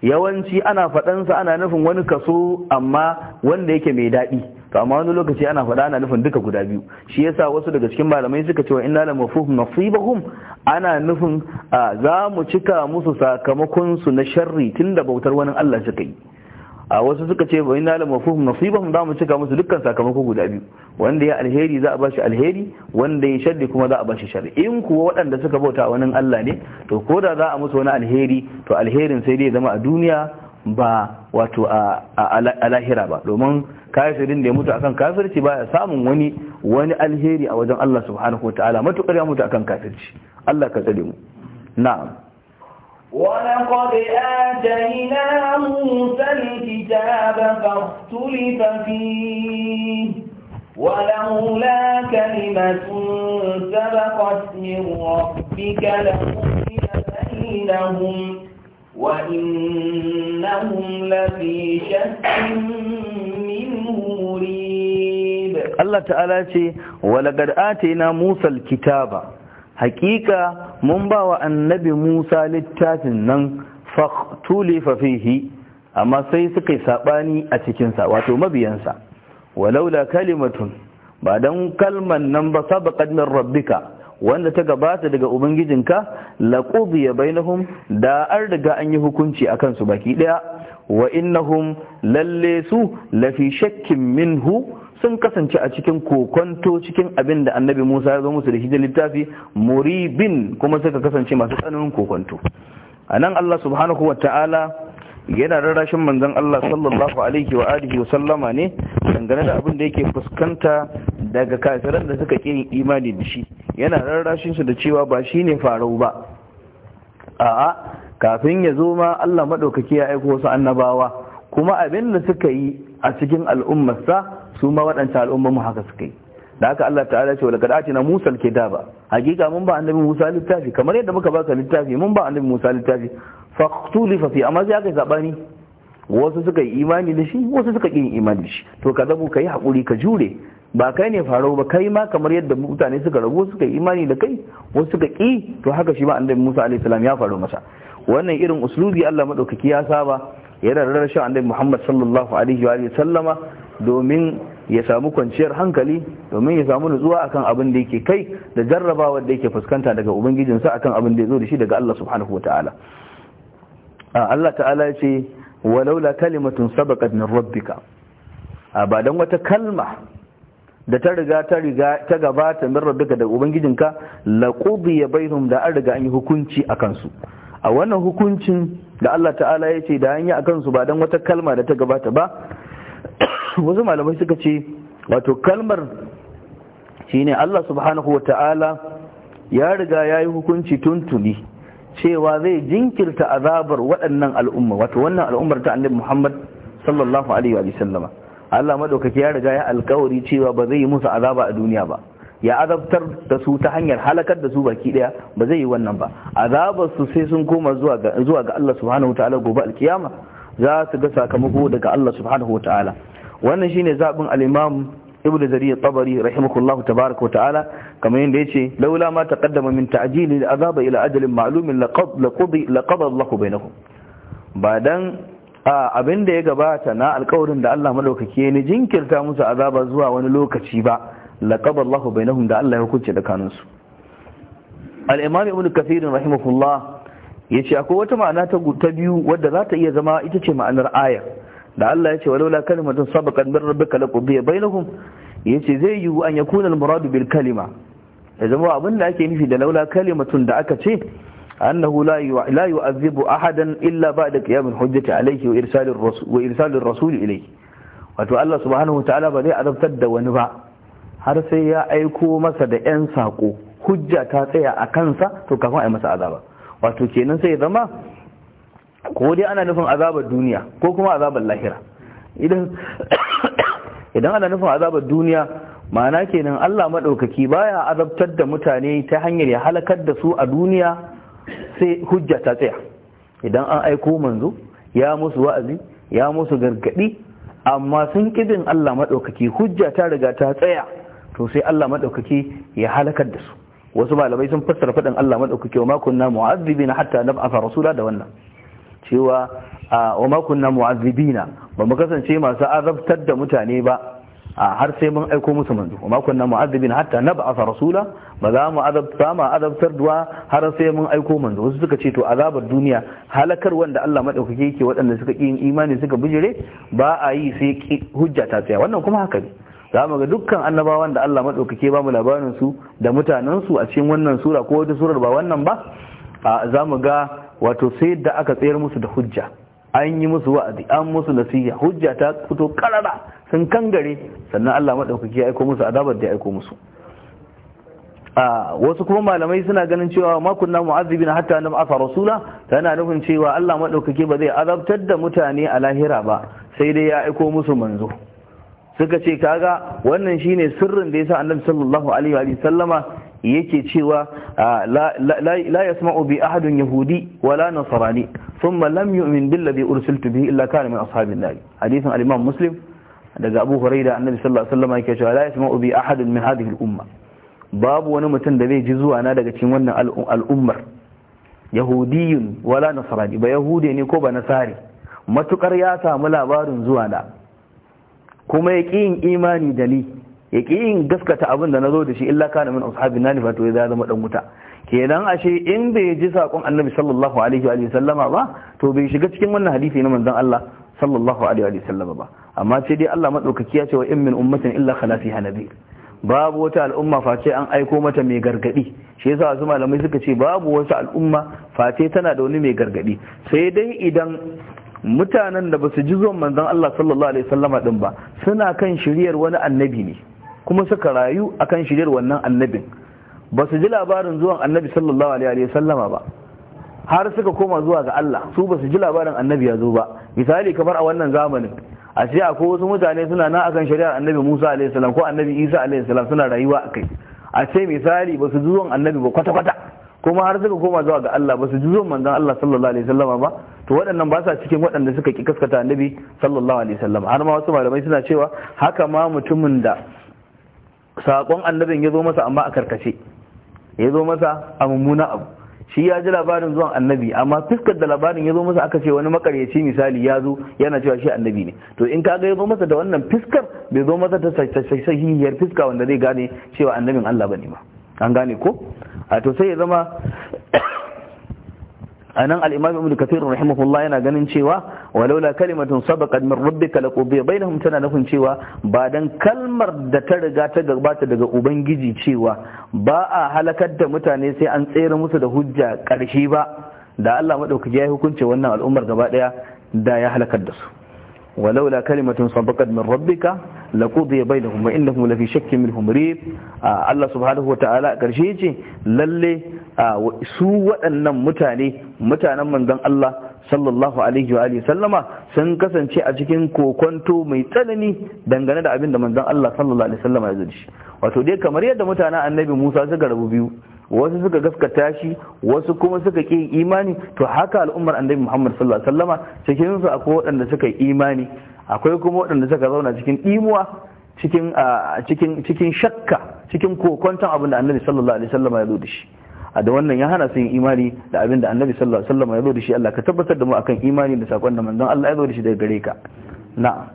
yawanci ana faɗansa ana nufin wani kaso amma wanda yake mai daɗi to amma wani lokaci ana faɗa ana nufin duka guda biyu shi yasa wasu daga cikin malamai suka cewa inna la mafuhum nasibahum ana nufin za mu cika musu sakamakon su na sharri tunda bautar wani Allah suka yi a wasu suka ce wa nala mafuhu nasibahum za mu cika musu dukkan sakamako guda biyu wanda ya alheri za a bashi alheri wanda ya sharri kuma za a bashi sharri in kuwa waɗanda suka bauta wani Allah ne to koda za a musu wani alheri to alherin sai dai zama a duniya ba wato a lahira ba domin kafirin da ya mutu akan kafirci ba ya samun wani wani alheri a wajen Allah subhanahu wa ta'ala matukar ya mutu akan kafirci Allah ka tsare mu na'am ولقد آتينا موسى الكتاب فاختلف فيه ولولا كلمة سبقت من ربك لقضي بينهم وإنهم لفي شك منه مريب الله تعالى يقول ولقد آتينا موسى الكتاب haƙiƙa mun ba wa annabi musa littafin nan faktulifa fihi amma sai suka yi saɓani a cikinsa wato mabiyansa walaula kalimatun ba don kalman nan ba sabaqat min rabbika wanda ta gabata daga ubangijinka laqudiya bainahum da an riga an yi hukunci a kansu baki ɗaya. wa innahum lalle su lafi shakkin minhu sun kasance a cikin kokonto cikin abin da annabi Musa ya zo musu da shi da littafi muribin kuma suka kasance masu tsananin kokonto a nan Allah subhanahu wa ta'ala yana rarrashin manzon Allah sallallahu alaihi wa alihi wa sallama ne dangane da abin da yake fuskanta daga kafiran da suka kin imani da shi yana rarrashin su da cewa ba shi ne farau ba a'a kafin ya zo ma Allah maɗaukaki ya aika wasu annabawa kuma abin da suka yi a cikin al'ummarsa su ma waɗanta mu haka suka da haka Allah ta'ala ce walakad atina Musa alkitaba hakika mun ba annabi Musa littafi kamar yadda muka baka littafi mun ba annabi Musa littafi faqtulifa fi amma sai aka yi sabani wasu suka yi imani da shi wasu suka yi imani da shi to ka zabu kai hakuri ka jure ba kai ne faro ba kai ma kamar yadda mutane suka rabu suka yi imani da kai wasu suka ƙi to haka shi ma annabi Musa alaihi ya faro masa wannan irin uslubi Allah madaukaki ya saba yana rarrashin annabi Muhammad sallallahu alaihi wa sallama domin ya samu kwanciyar hankali domin ya samu nutsuwa akan abin da yake kai da jarrabawa da yake fuskanta daga ubangijinsa akan abin da ya zo da shi daga Allah subhanahu wataala Allah ta'ala ya ce walaula kalimatun sabaqat min rabbika ba dan wata kalma da ta riga ta riga ta gabata min rabbika daga ubangijinka laqudiya bainhum da an riga an yi hukunci akan su a wannan hukuncin da Allah ta'ala ya ce da an yi akan su ba dan wata kalma da ta gabata ba wasu malamai suka ce wato kalmar shine Allah subhanahu wa ta'ala ya riga ya yi hukunci tuntuni cewa zai jinkirta azabar waɗannan al'umma wato wannan al'ummar ta annabi Muhammad sallallahu alaihi wa sallama Allah madaukaki ya riga ya alƙawari cewa ba zai yi musu azaba a duniya ba ya azabtar da su ta hanyar halakar da su baki daya ba zai yi wannan ba azabar su sai sun koma zuwa ga zuwa ga Allah subhanahu wa ta'ala gobe alkiyama za su ga sakamako daga Allah subhanahu wa ta'ala wannan shine zabin al-imam ibnu zariya tabari rahimahullahu tabaraka ta'ala kamar yadda yace laula ma taqaddama min ta'jili al-azaba ila ajalin ma'lumin laqad laqadi laqada Allah ba dan ya gabata na alkawarin da Allah madaukake ne jinkirta musu azaba zuwa wani lokaci ba laqad Allah bainahum da Allah ya hukunce da su al-imam ibnu kathir rahimahullah yace akwai wata ma'ana ta biyu wadda za ta iya zama ita ce ma'anar ayar da Allah ya ce walaula kalimatun sabaqat min rabbika laqudiya bainahum yace zai yiwu an yakuna al-muradu bil kalima ya zama abin da ake nufi da laula kalimatun da aka ce annahu la yu'azzibu ahadan illa ba'da da al-hujjati alayhi wa irsal ar-rasul wa rasul ilayhi wato Allah subhanahu wa ta'ala ba zai azabtar da wani ba har sai ya aiko masa da yan sako hujja ta tsaya a kansa to kafin a yi masa azaba wato kenan sai ya zama ko dai ana nufin azabar duniya ko kuma azabar lahira idan ana nufin azabar duniya ma'ana kenan Allah maɗaukaki baya azabtar da mutane ta hanyar ya halakar da su a duniya sai hujja ta tsaya idan an aiko manzo ya musu wa'azi ya musu gargaɗi amma sun kidin Allah maɗaukaki hujja ta riga ta tsaya to sai Allah maɗaukaki ya halakar da su wasu malamai sun fassara faɗin Allah maɗaukaki wa makon na mu'azzibi na hatta na rasula da wannan cewa a ma mu'azzibina ba mu kasance masu azabtar da mutane ba har sai mun aiko musu manzo wa ma kunna mu'azzibina hatta nab'atha rasula ba za mu azabta ma azabtar duwa har sai mun aiko manzo wasu suka ce to azabar duniya halakar wanda Allah madaukake yake waɗanda suka yin imani suka bijire ba a yi sai hujja ta tsaya wannan kuma haka ne za mu ga dukkan annabawan da Allah madaukake ba mu labarin su da mutanen su a cikin wannan sura ko wata surar ba wannan ba za mu ga wato sai da aka tsayar musu da hujja an yi musu wa'azi an musu nasiha hujja ta fito karara sun kangare sannan Allah madaukaki ya aiko musu azabar da ya aiko musu a wasu kuma malamai suna ganin cewa ma kunna mu'azzibin hatta nam asa rasula tana nufin cewa Allah madaukaki ba zai azabtar da mutane a lahira ba sai dai ya aiko musu manzo suka ce kaga wannan shine sirrin da yasa annabi sallallahu alaihi wa sallama yake cewa ah, la yasma'u bi ahadun yahudi wala nasrani thumma lam yu'min billadhi ursiltu bihi illa kana min ashabin nar hadithin al-imam muslim daga abu huraira annabi sallallahu alaihi wasallam yake cewa la yasma'u bi ahadun min hadhihi al-umma babu wani mutum da zai ji zuwa na daga cikin wannan al'ummar yahudiyun wala nasrani ba Yahudi ne ko ba nasari matukar ya samu labarin zuwa na kuma ya ƙi yin imani da ni Yaki yin gaskata abin da na zo da shi illa kana min ashabi nani fa to ya zama dan wuta kenan ashe in bai ji sakon annabi sallallahu alaihi wa sallama ba to bai shiga cikin wannan hadisi na manzon Allah sallallahu alaihi wa sallama ba amma sai dai Allah madaukaki ya ce wa in min ummatin illa khala hanabi babu wata al'umma face an aiko mata mai gargadi shi yasa wasu malamai suka ce babu wata al'umma face tana da wani mai gargadi sai dai idan mutanen da ba su ji zuwan manzon Allah sallallahu alaihi wasallama din ba suna kan shiryar wani annabi ne kuma suka rayu akan shiryar wannan annabin ba su ji labarin zuwan annabi sallallahu alaihi wa sallama ba har suka koma zuwa ga Allah su ba su ji labarin annabi ya zo ba misali kamar a wannan zamanin a ce akwai wasu mutane suna na akan shari'ar annabi Musa alaihi salam ko annabi Isa alaihi salam suna rayuwa akai a ce misali ba su ji zuwan annabi ba kwata kwata kuma har suka koma zuwa ga Allah ba su ji zuwan manzon Allah sallallahu alaihi wasallam ba to waɗannan ba sa cikin waɗanda suka ki kaskata annabi sallallahu alaihi wasallam har ma wasu malamai suna cewa haka ma mutumin da saƙon annabin ya zo masa amma a karkace ya zo masa a mummuna abu shi ya ji labarin zuwan annabi amma fuskar da labarin ya zo masa aka ce wani makaryaci misali ya zo yana cewa shi annabi ne to in kaga ya zo masa da wannan fuskar bai zo masa ta sahihiyar fuska wanda zai gane cewa annabin Allah bane ba an gane ko a to sai ya zama anan al-imam ibnu kathir rahimahullah yana ganin cewa walaula kalimatun sabaqat min rabbika laqubi bainahum tana nufin cewa ba dan kalmar da ta riga ta gabata daga ubangiji cewa ba a halakar da mutane sai an tsere musu da hujja karshe ba da Allah madaukaki ya hukunce wannan al'ummar gaba daya da ya halakar da su ولولا كلمة سبقت من ربك لقضي بينهم وإنهم لفي شك منهم مريب الله سبحانه karshe yace lalle. su waɗannan mutane mutanen manzon Allah sallallahu alaihi wa sallama sun kasance a cikin kokonto mai tsanani dangane da abin da manzon Allah sallallahu alaihi sallama ya zuci wato dai kamar yadda mutanen annabi Musa suka rabu biyu wasu suka gaskata shi wasu kuma suka ƙi imani to haka al'ummar annabi Muhammad sallallahu alaihi sallama cikin su akwai waɗanda suka yi imani akwai kuma waɗanda suka zauna cikin imuwa cikin cikin cikin shakka cikin kokonton abin da annabi sallallahu alaihi sallama ya zo da shi da wannan ya hana su yin imani da abin da annabi sallallahu alaihi wasallam ya zo da shi Allah ka tabbatar da mu akan imani da sakon da manzon Allah ya zo da shi daga gare ka na'am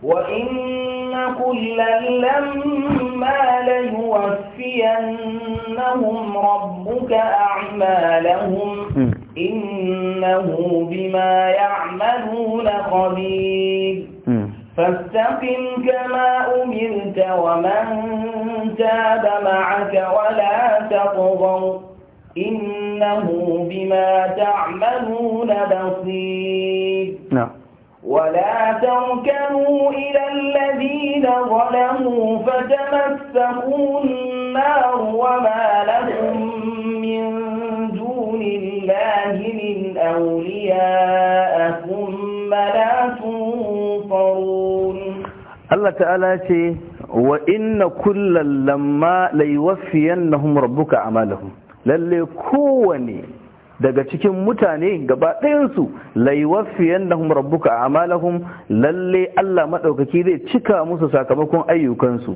wa inna kullan lamma la yuwaffiyannahum rabbuka a'malahum hmm. innahu bima ya'maluna khabir فاستقم كما أمرت ومن تاب معك ولا تطغوا إنه بما تعملون بصير نعم ولا تركنوا إلى الذين ظلموا فتمسكوا النار وما لكم من لله من أولياء ثم لا تنصرون الله تعالى شيء وإن كل لما ليوفينهم ربك أعمالهم lalle kowane daga cikin mutane gaba ɗayansu laiwafiyan da kuma rabbuka amalahum lalle Allah maɗaukaki zai cika musu sakamakon ayyukansu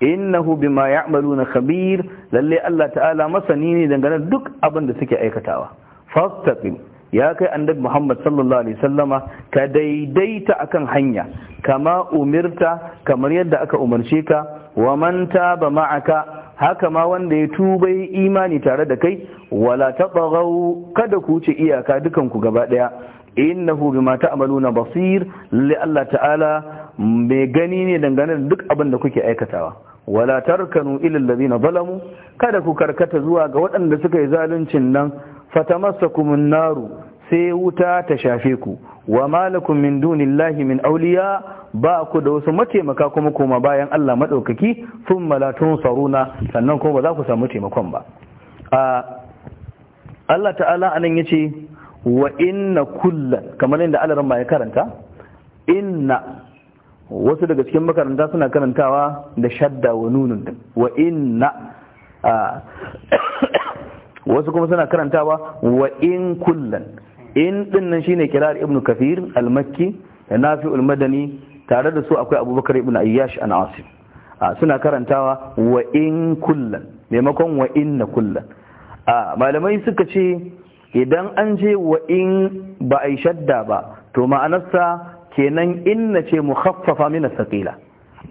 innahu bima ya'maluna khabir lalle Allah ta'ala masani ne dangane duk abin da suke aikatawa fastaqim ya kai annabi Muhammad sallallahu alaihi sallama ka daidaita akan hanya kama umirta kamar yadda aka umarce ka wa man taba ma'aka haka ma wanda ya tuba imani tare da kai wala tabaghaw kada ku ce iyaka dukan ku gaba daya innahu bima ta'maluna basir li Allah ta'ala mai gani ne dangane da duk abin da kuke aikatawa wala tarkanu ilal ladina zalamu kada ku karkata zuwa ga waɗanda suka yi zaluncin nan fatamassakumun naru sai wuta ta shafe ku wa malakum min dunillahi min awliya ba ku da wasu mataimaka kuma koma bayan Allah madaukaki thumma la tunsaruna sannan kuma ba za ku samu taimakon ba Allah ta'ala anan yace wa inna kullan kamar inda Allah ran ya karanta inna wasu daga cikin makaranta suna karantawa da shadda wa nunun din wa inna wasu kuma suna karantawa wa in kullan in din nan shine kirar ibnu kafir al-makki da nafi'ul madani tare da su akwai abubakar ibnu ayyash an asim suna karantawa wa in kullan maimakon wa inna kullan malamai suka ce idan an je wa in ba a yi shadda ba to ma'anarsa kenan inna ce mukhaffafa min as-saqila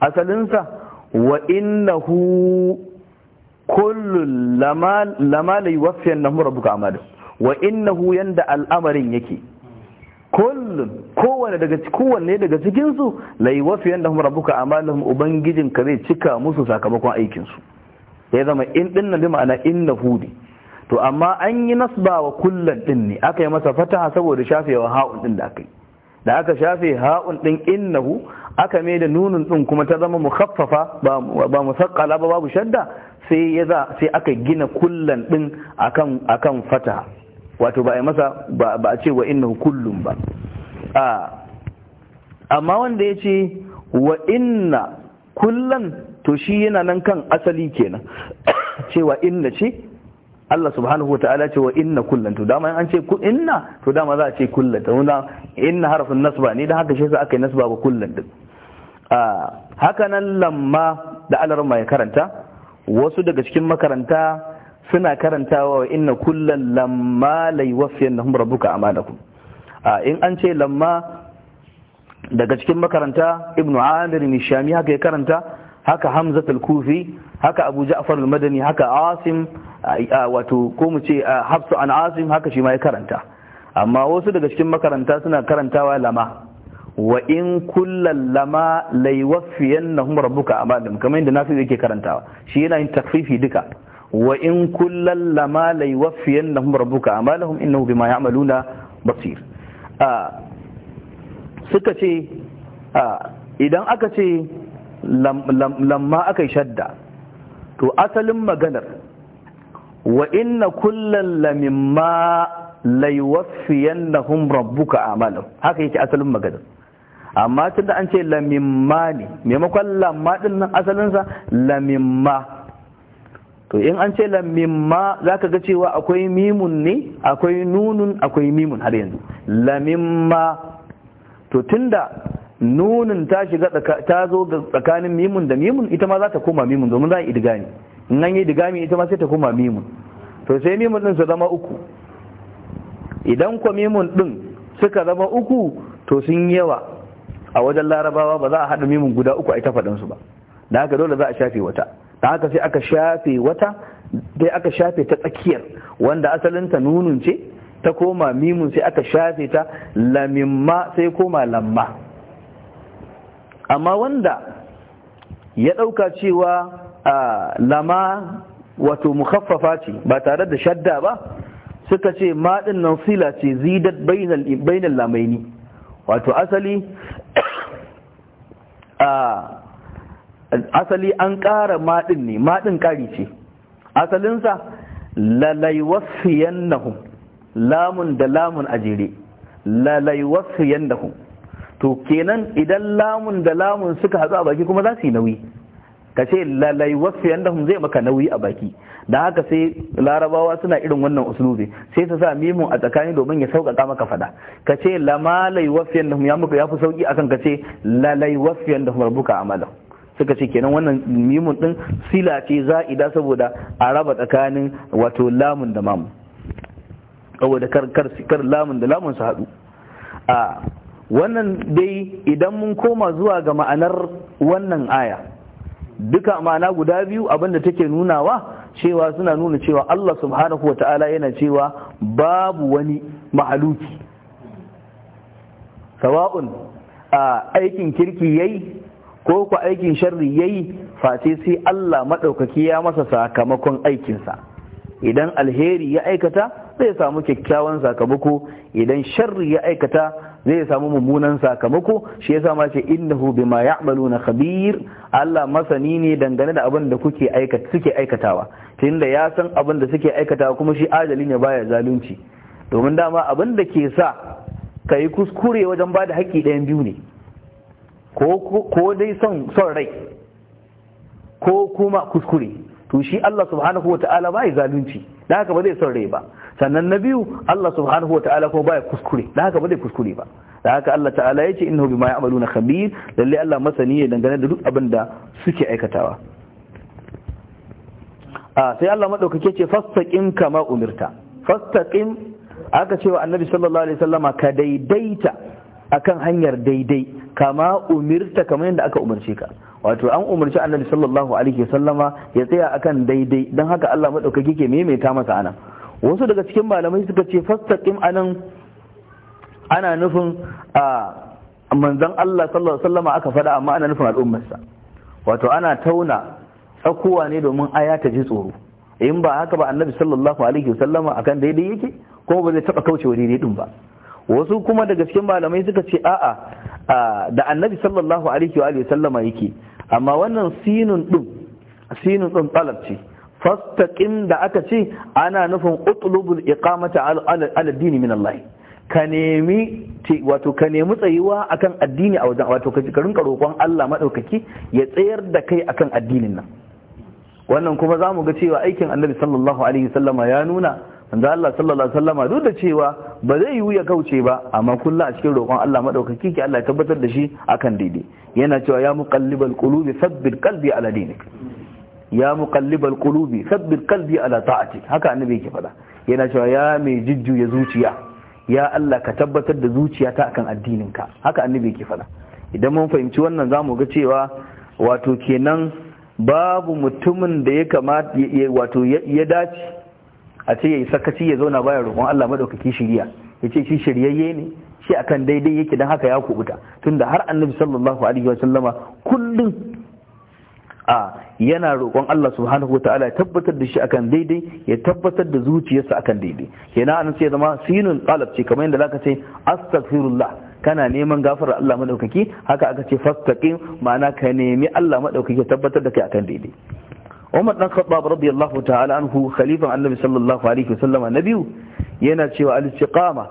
asalinsa wa innahu kullu lama lama yuwaffi annahu rabbuka amadu wa innahu yanda al'amarin yake kullu kowanne daga kowanne daga cikin su la yuwaffi annahum rabbuka amalahum ubangijin ka zai cika musu sakamakon aikin su ya zama in din nan bi ma'ana innahu di to amma an yi nasba wa kullun din ne aka yi masa fataha saboda shafewa ha'un din da aka yi da aka shafe ha'un din innahu aka mai da nunun din kuma ta zama mukhaffafa ba musaqqala ba babu shadda sai ya za sai aka gina kullan din akan akan fata wato ba a masa ba a ce wa innahu kullum ba a amma wanda ya ce wa inna kullan to shi yana nan kan asali kenan cewa inna ce Allah subhanahu wa ta'ala ce wa inna kullan to dama an ce inna to dama za a ce kullan inna harfin nasba ne da haka shi sa aka yi nasba ba kullun din haka nan lamma da alarma ya karanta wasu daga cikin makaranta suna karantawa wa inna kullan lamma la yuwaffiyannahum rabbuka amanakum in an ce lamma daga cikin makaranta ibnu amir nishami haka ya karanta haka Hamza al-kufi haka abu ja'far al-madani haka asim wato ko mu ce hafsu an asim haka shi ma ya karanta amma wasu daga cikin makaranta suna karantawa lama wa in kullal lama na laiwaffiyannahum rabbuka amalahum kamar yadda nasu yake karantawa shi yana yin takfifi duka wa in kullal lama na laiwaffiyannahum rabbuka amalahum innahu bima ya'maluna basir a suka ce idan aka ce lamma aka yi shadda to asalin maganar wa inna kullal ma. buka a malam. haka yake asalin magana amma tun da an ce lamimma ne maimakon lamma din nan asalinsa lamimma to in an ce lamimma ka ga cewa akwai mimun ne akwai nunun akwai mimun har yanzu lamimma to tun da nunun ta shiga ta zo tsakanin mimun da mimun ita ma za ta koma mimun domin za a yi idigami in an yi idigami ita ma sai ta koma mimun to sai mimun din su zama uku idan kwamimun ɗin suka zama uku to sun yawa a wajen larabawa ba za a haɗa mimun guda uku a ita faɗinsu ba da haka dole za a shafe wata da haka sai aka shafe wata dai aka shafe ta tsakiyar wanda asalin ta nunun ce ta koma mimun sai aka shafe ta lamimma sai koma lamma amma wanda ya ɗauka cewa lama wato mukaffafa ce ba tare da shadda ba suka ce maɗin nan sila ce zidat bainan lamaini wato asali a asali an ƙara maɗin ne maɗin ƙari ce asalinsa lalaiwafiyan nahun lamun da lamun a jere lalaiwafiyan nahun to kenan idan lamun da lamun suka hatsu a baki kuma za su yi nauyi ka ce lalaiwafiyan nahun zai maka nauyi a baki da haka sai larabawa suna irin wannan usulubi sai su sa mimun a tsakani domin ya sauƙaƙa maka fada ka ce lama laiwafiyan da ya muka ya fi sauƙi akan ka ce la laiwafiyan da rabbuka amala suka ce kenan wannan mimun din sila ce za'ida saboda a raba tsakanin wato lamun da mamu saboda kar kar lamun da lamun su haɗu a wannan dai idan mun koma zuwa ga ma'anar wannan aya duka ma'ana guda biyu abinda take nunawa cewa suna nuna cewa Allah subhanahu wa ta'ala yana cewa babu wani mahaluki sawa'un a aikin kirki yayi ko ku aikin sharri yayi face sai Allah maɗaukaki ya masa sakamakon aikinsa idan alheri ya aikata zai samu kyakkyawan sakamako idan sharri ya aikata zai samu mummunan sakamako shi yasa ma ce innahu bima ya'maluna khabir Allah masani ne dangane da abin da kuke aikata suke aikatawa tunda ya san abin da suke aikatawa kuma shi ajalin ya baya zalunci domin dama abin da ke sa ka yi kuskure wajen ba da haƙƙi ɗayan biyu ne ko dai son rai ko kuma kuskure to shi Allah subhanahu wa ta'ala ba ya zalunci da haka ba zai son rai ba sannan na biyu Allah subhanahu wataala ko baya kuskure da haka ba zai kuskure ba da haka Allah ta'ala yace innahu bima ya'maluna khabir lalle Allah masani ne dangane da duk abin da suke aikatawa a ah, sai Allah madaukake ce fastaqim kama umirta fastaqim aka cewa annabi sallallahu alaihi wasallama ka daidaita akan hanyar daidai kama umirta kamar yadda aka umarce ka wato an umarci annabi sallallahu alaihi wasallama ya tsaya akan daidai dan haka Allah madaukake ke maimaita masa anan wasu daga cikin malamai suka ce fastaqim anan ana nufin a manzan Allah sallallahu alaihi wasallama aka faɗa amma ana nufin al'ummarsa wato ana tauna tsakuwa ne domin aya ta ji tsoro in ba haka ba annabi sallallahu alaihi wasallama akan daidai yake kuma ba zai taba kauce wa daidai din ba wasu kuma daga cikin malamai suka ce a'a da annabi sallallahu alaihi wa sallama yake amma wannan sinun din sinun din talab ce fastaqim da aka ce ana nufin utlubul iqamata ala dini min Allah ka nemi wato ka nemi tsayuwa akan addini a wajen wato ka rinka roƙon Allah madaukaki ya tsayar da kai akan addinin nan wannan kuma zamu ga cewa aikin Annabi sallallahu alaihi wasallama ya nuna manzo Allah sallallahu alaihi wasallama duk da cewa ba zai yiwu ya kauce ba amma kullu a cikin roƙon Allah madaukaki ki Allah ya tabbatar da shi akan daidai yana cewa ya muqallibal qulubi sabbil qalbi ala dinik ya muqallibal qulubi sabbit qalbi ala ta'atik haka annabi yake faɗa yana cewa ya mai jujjuya zuciya ya Allah ka tabbatar da zuciya ta akan addininka haka annabi yake faɗa idan mun fahimci wannan za mu ga cewa wato kenan babu mutumin da ya kamata dace a ce ya sakaci ya zauna baya roƙon Allah madaukaki shiriya ya ce shi shiryayye ne shi akan daidai yake don haka ya kubuta tunda har annabi sallallahu alaihi wa sallama kullum a yana roƙon Allah subhanahu ta'ala ya tabbatar da shi akan daidai ya tabbatar da zuciyarsa akan daidai kenan an sai zama sinun qalab ce kamar yadda zaka ce astaghfirullah kana neman gafarar Allah madaukaki haka aka ce fastaqim ma'ana ka nemi Allah madaukaki ya tabbatar da kai akan daidai Umar dan Khattab radiyallahu ta'ala anhu khalifan Annabi sallallahu alaihi wasallam nabiyu yana cewa al-istiqama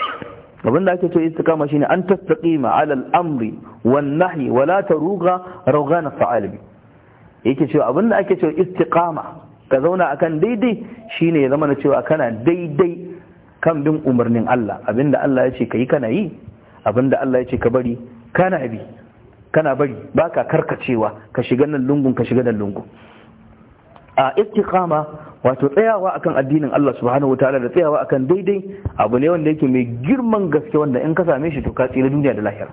abin da ake to istiqama shine an tastaqima ala al-amri wan nahyi wa la taruga rawgana fa'albi yake cewa da ake cewa istiqama ka zauna akan daidai shine ya zama na cewa kana daidai kan bin umarnin Allah abinda Allah ya ce ka yi kana yi abinda Allah ya ce ka bari kana bi kana bari baka karkacewa ka shiga nan lungun ka shiga nan lungun a istiqama wato tsayawa akan addinin Allah subhanahu wataala da tsayawa akan daidai abu ne wanda yake mai girman gaske wanda in ka same shi to ka tsira duniya da lahira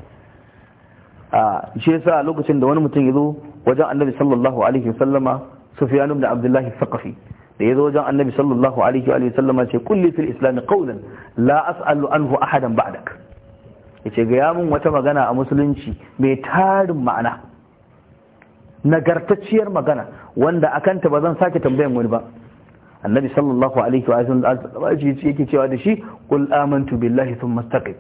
a shi yasa lokacin da wani mutum ya zo wajen annabi sallallahu alaihi wasallama sufyan ibn abdullahi thaqafi da ya zo wajen annabi sallallahu alaihi wa sallama ce kulli fil islam qawlan la as'alu anhu ahadan ba'dak yace ga mun wata magana a musulunci mai tarin ma'ana nagartacciyar magana wanda ta ba zan sake tambayan wani ba annabi sallallahu alaihi wa sallam yake cewa da shi qul amantu billahi thumma istaqim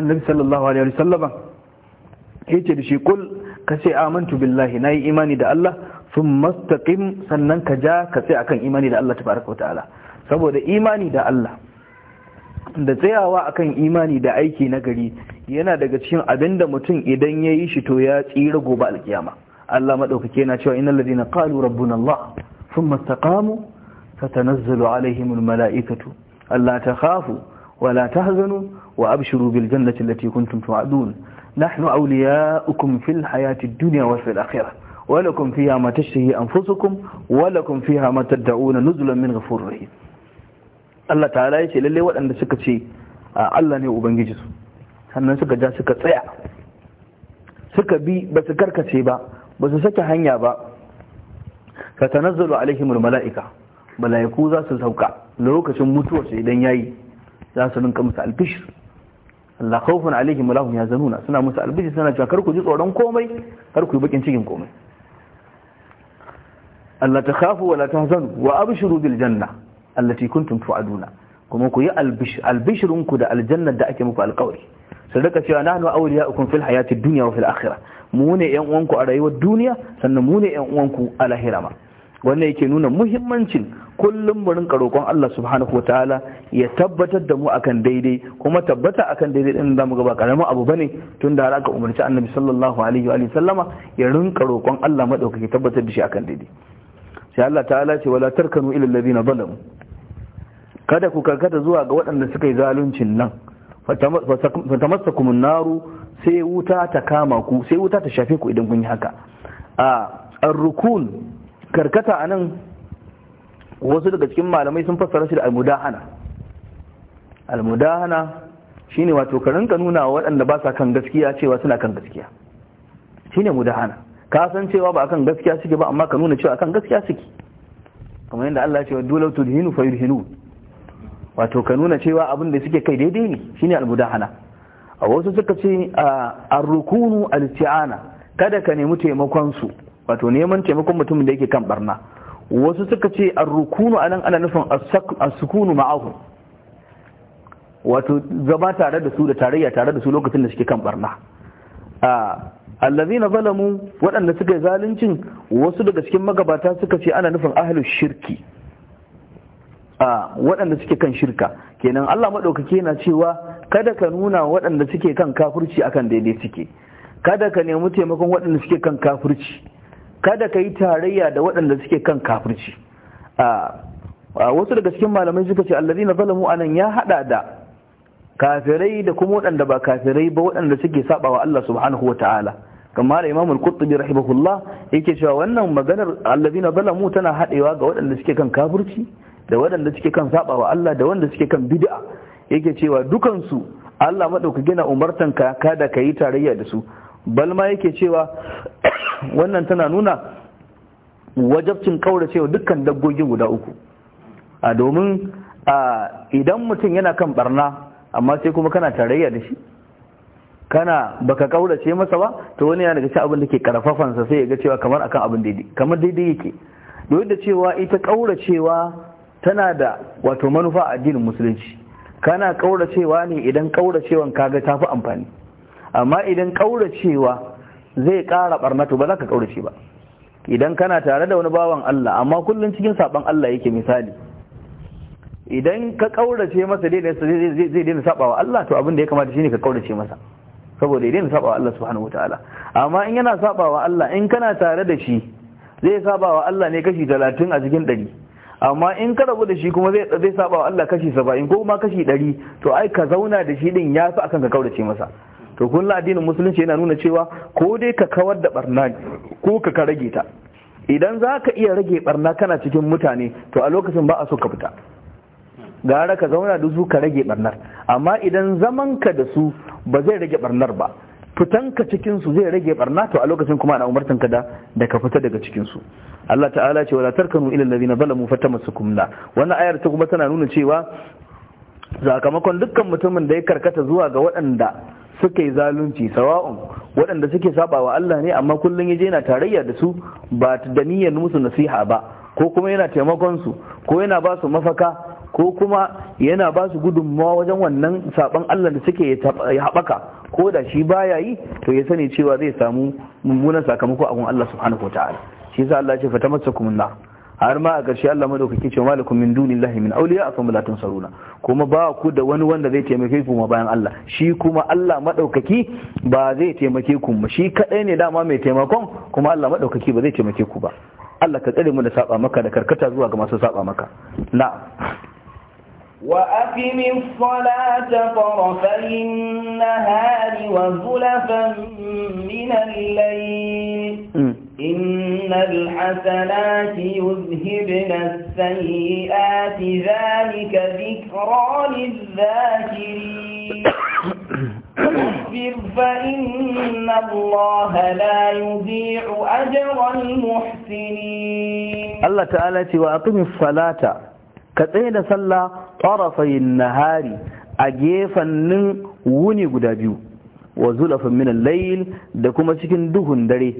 annabi sallallahu alaihi wasallama yace da shi kul ka ce amantu billahi nayi imani da Allah Sun mastaqim sannan ka ja ka tsaya akan imani da Allah tabaraka wa ta'ala saboda imani da Allah da tsayawa akan imani da aiki na gari yana daga cikin abinda mutum idan yayi yi shi to ya tsira gobe alkiyama Allah madaukake yana cewa innal ladina qalu rabbuna Allah thumma istaqamu fatanazzalu alaihimul malaikatu Allah ta takhafu ولا تهزنوا وأبشروا بالجنة التي كنتم توعدون نحن أولياؤكم في الحياة الدنيا وفي الآخرة ولكم فيها ما تشتهي أنفسكم ولكم فيها ما تدعون نزلا من غفور رحيم الله تعالى يسئل اللي وأن سكت شيء آه، الله نيء بنجيجس هل نسك جاء سكت صيع سك بي بس كرك سيبا بس سك حنيابا فتنزل عليهم الملائكة ملائكوزا سلسوكا لوكس متوس إذن يأي za su rinka musu albishir Allah khawfun alaihim wa lahum yazanuna suna musu albishir suna cewa kar ku ji tsoron komai kar ku yi bakin cikin komai Allah ta khafu wa la tahzanu wa abshiru bil janna allati kuntum tu'aduna kuma ku yi albishirun ku da aljannar da ake muku alƙawari su rika cewa nahnu awliya'ukum fil hayatid dunya wa fil akhirah mu ne yan uwanku a rayuwar duniya sannan mu ne yan uwanku a lahira ma wannan yake nuna muhimmancin kullum mu rinka roƙon Allah subhanahu wataala ya tabbatar da mu akan daidai kuma tabbata akan daidai din da mu ga ba karamin abu bane tun da har aka umarci Annabi sallallahu alaihi wa sallama ya rinka roƙon Allah madaukaki tabbatar da shi akan daidai sai Allah ta'ala ce wala tarkanu ila alladhina zalamu kada ku karkata zuwa ga waɗanda suka yi zaluncin nan fatamassakum an-naru sai wuta ta kama ku sai wuta ta shafe ku idan kun yi haka a ar-rukun karkata anan wasu daga cikin malamai sun fassara shi da almudahana almudahana shine wato karin ka nuna wa waɗanda ba sa kan gaskiya cewa suna kan gaskiya shine mudahana ka san cewa ba akan gaskiya suke ba amma ka nuna cewa akan gaskiya suke kamar yadda Allah ya ce dole tu dinu fa yurhinu wato ka nuna cewa abin da suke kai daidai ne shine almudahana a wasu suka ce a rukunu al kada ka nemi taimakon su wato neman taimakon mutumin da yake kan barna wasu suka ce a rukunu anan ana nufin a sukunu ma'ahu wato zama tare da su da tarayya tare da su lokacin da suke kan barna A allazina zalamu waɗanda suka yi zaluncin wasu daga cikin magabata suka ce ana nufin ahlus shirki waɗanda suke kan shirka kenan Allah maɗaukaki yana cewa kada ka nuna waɗanda suke kan kafirci akan daidai suke kada ka nemi taimakon waɗanda suke kan kafirci kada ka yi tarayya da waɗanda suke kan kafirci a wasu daga cikin malamai suka ce na zalamu anan ya haɗa da kafirai da kuma waɗanda ba kafirai ba waɗanda suke wa Allah subhanahu wa ta'ala), kamar da Imam Al-Qurtubi rahimahullah yake cewa wannan maganar na zalamu tana hadewa ga waɗanda suke kan kafirci da waɗanda suke kan wa Allah da wanda suke kan bid'a yake cewa dukansu Allah madaukaki gina umartanka ka kada ka yi tarayya da su balma yake cewa wannan tana nuna wajabcin kauracewa dukkan daggogin guda uku a domin idan mutum yana kan barna amma sai kuma kana tarayya da shi kana baka kaurace masa ba to wani yana daga cikin abin da ke karfafansa sai ya ga cewa kamar akan abin daidai kamar daidai yake duk da cewa ita kauracewa tana da wato manufa a addinin musulunci kana kauracewa ne idan kauracewan kaga tafi amfani amma idan kauracewa zai ƙara barnato ba za ka kaurace ba idan kana tare da wani bawan Allah amma kullum cikin saban Allah yake misali idan ka kaurace masa dai zai daina saba wa Allah to abin da ya kamata shine ka kaurace masa saboda ya daina saba wa Allah subhanahu wataala amma in yana saba wa Allah in kana tare da shi zai saba wa Allah ne kashi talatin a cikin ɗari amma in ka rabu da shi kuma zai zai saba wa Allah kashi 70 ko kuma kashi 100 to ai ka zauna da shi din yafi akan ka kaurace masa to kun addinin musulunci yana nuna cewa ko dai ka kawar da barna ko ka ka rage ta idan za ka iya rage barna kana cikin mutane to a lokacin ba a so ka fita gara ka zauna da su ka rage barnar amma idan zaman ka da su ba zai rage barnar ba fitan ka cikin su zai rage barna to a lokacin kuma ana umartan ka da da ka fita daga cikin su Allah ta'ala ce wala tarkanu ila allazina zalamu fatamassukum la wannan ayar ta kuma tana nuna cewa sakamakon dukkan mutumin da ya karkata zuwa ga waɗanda suka yi zalunci sawa'un waɗanda suke saba wa Allah ne amma kullum je yana tarayya da su ba da niyyar musu nasiha ba ko kuma yana taimakon su ko yana ba su mafaka ko kuma yana ba su gudunmawa wajen wannan saban Allah da suke ya haɓaka ko da shi baya yi to ya sani cewa zai samu mummunan sakamako a gun Allah subhanahu wa ta'ala shi yasa Allah ya ce fatamassakum nar har ma a ƙarshe Allah maɗaukaki ce malakum min dunillahi min awliya afam la saruna kuma ba ku da wani wanda zai taimake ku ma bayan Allah shi kuma Allah madaukaki ba zai taimake ku ma. shi kaɗai ne dama mai taimakon kuma Allah madaukaki ba zai taimake ku ba Allah ka tsare mu da saba maka da karkata zuwa ga masu saba maka as-salata وأقم الصلاة wa zulafan min al-layl mm. إن الحسنات يذهبن السيئات ذلك ذكرى للذاكرين فاصبر فإن الله لا يضيع أجر المحسنين الله تعالى وأقم الصلاة كتين صلى طرفي النهار أجيفا نن وني قدابيو wa zulafin minan layil da kuma cikin duhun dare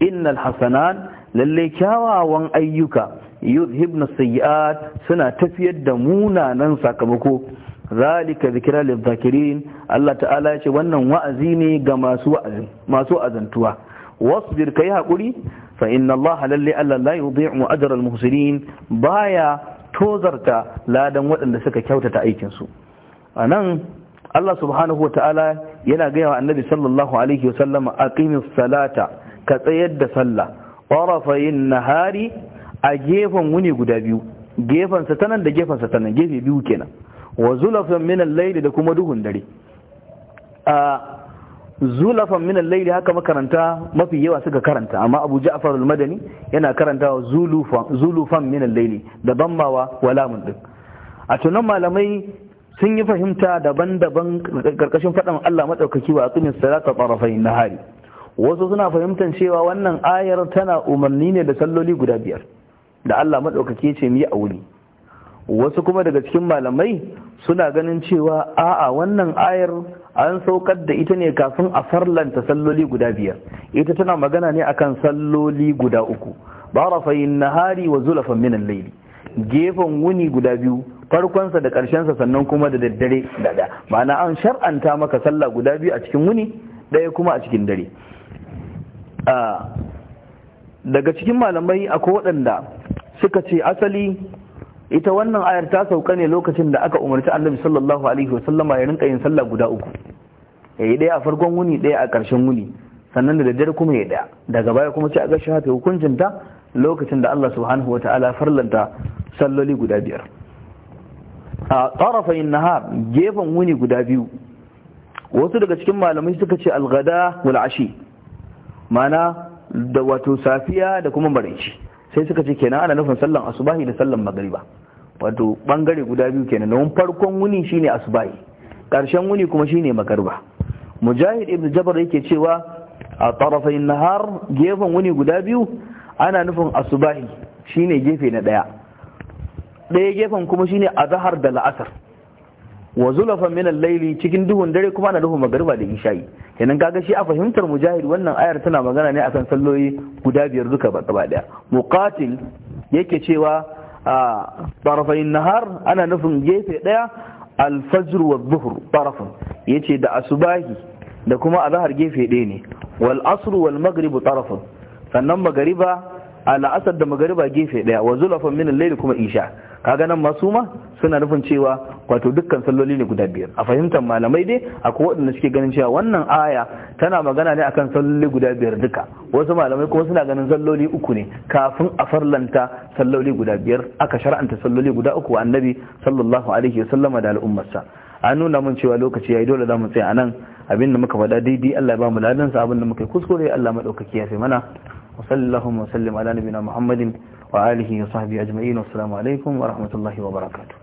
inna hasanan lalle kyawawan ayyuka yuzhibna sayyi'at suna tafiyar da munanan sakamako zalika zikra lidh Allah ta'ala ya ce wannan wa'azi ne ga masu wa'azi masu azantuwa wasbir kai hakuri fa inna Allah lalle Allah la yudhi'u ajra al baya tozarta ladan waɗanda suka kyautata aikin su anan Allah subhanahu wa ta'ala yana gaya wa annabi sallallahu alaihi wa sallam aqimis salata ka tsayar da sallah ƙorafayin na hari, a gefen wuni guda biyu Gefen satanan da gefen satanan gefe biyu kenan wa zulafan minan laili da kuma duhun dare a zulafan minan laili haka makaranta mafi yawa suka karanta amma abu a al-madani yana karanta wa zulufan minan laili da bambawa wa lamun din a tunan malamai sun yi fahimta daban-daban karkashin faɗan Allah maɗaukaki wa aqimis salata na hari. wasu suna fahimtar cewa wannan ayar tana umarni ne da salloli guda biyar da Allah maɗaukake ce mu yi a wuri wasu kuma daga cikin malamai suna ganin cewa a'a wannan ayar an saukar da ita ne kafin a farlanta salloli guda biyar ita tana magana ne akan salloli guda uku barafayin nahari wa zulafan minan laili gefen wuni guda biyu farkonsa da ƙarshensa sannan kuma da daddare da ma'ana an shar'anta maka sallah guda biyu a cikin wuni ɗaya kuma a cikin dare daga cikin malamai akwai waɗanda suka ce asali ita wannan ayar ta sauka ne lokacin da aka umarci annabi sallallahu alaihi wasallama ya rinka yin sallah guda uku Ya yi ɗaya a farkon wuni ɗaya a ƙarshen wuni sannan da daddare kuma ya ɗaya daga baya kuma ce a gashi haka hukuncin ta lokacin da Allah subhanahu wa ta'ala farlanta salloli guda biyar a yin naha gefen wuni guda biyu wasu daga cikin malamai suka ce algada wal ashi mana da wato safiya da kuma maraici sai suka ce kenan ana nufin sallan asubahi da sallan magariba wato bangare guda biyu kenan don farkon wuni shine asubahi karshen wuni kuma shine magariba mujahid ibn jabar yake cewa a tarafin nahar gefen wuni guda biyu ana nufin asubahi shine gefe na daya daya gefen kuma shine azhar da la'asar wa zulafan min al-layli cikin duhun dare kuma na duhun magariba da isha'i kenan kaga shi a fahimtar mujahid wannan ayar tana magana ne akan salloyi guda biyar duka ba gaba daya muqatil yake cewa a tarafayin nahar ana nufin gefe daya al-fajr wa dhuhr tarafun yace da asubahi da kuma azhar gefe daya ne wal asr wal maghrib tarafun sannan magariba al-asr da magariba gefe daya wa zulafa min al-layli kuma isha' kaga nan masu ma suna nufin cewa wato dukkan salloli ne guda biyar a fahimtar malamai dai akwai waɗanda suke ganin cewa wannan aya tana magana ne akan salloli guda biyar duka wasu malamai kuma suna ganin salloli uku ne kafin a farlanta salloli guda biyar aka shar'anta salloli guda uku wa annabi sallallahu alaihi wasallam da al'ummarsa an nuna mun cewa lokaci yayi dole za mu tsaya anan abin da muka faɗa daidai Allah ya ba mu ladan sa abin da muka kuskure Allah madaukaki ya fi mana wa sallallahu wa sallam ala nabiyina muhammadin wa alihi wa sahbihi alaikum wa rahmatullahi wa barakatuh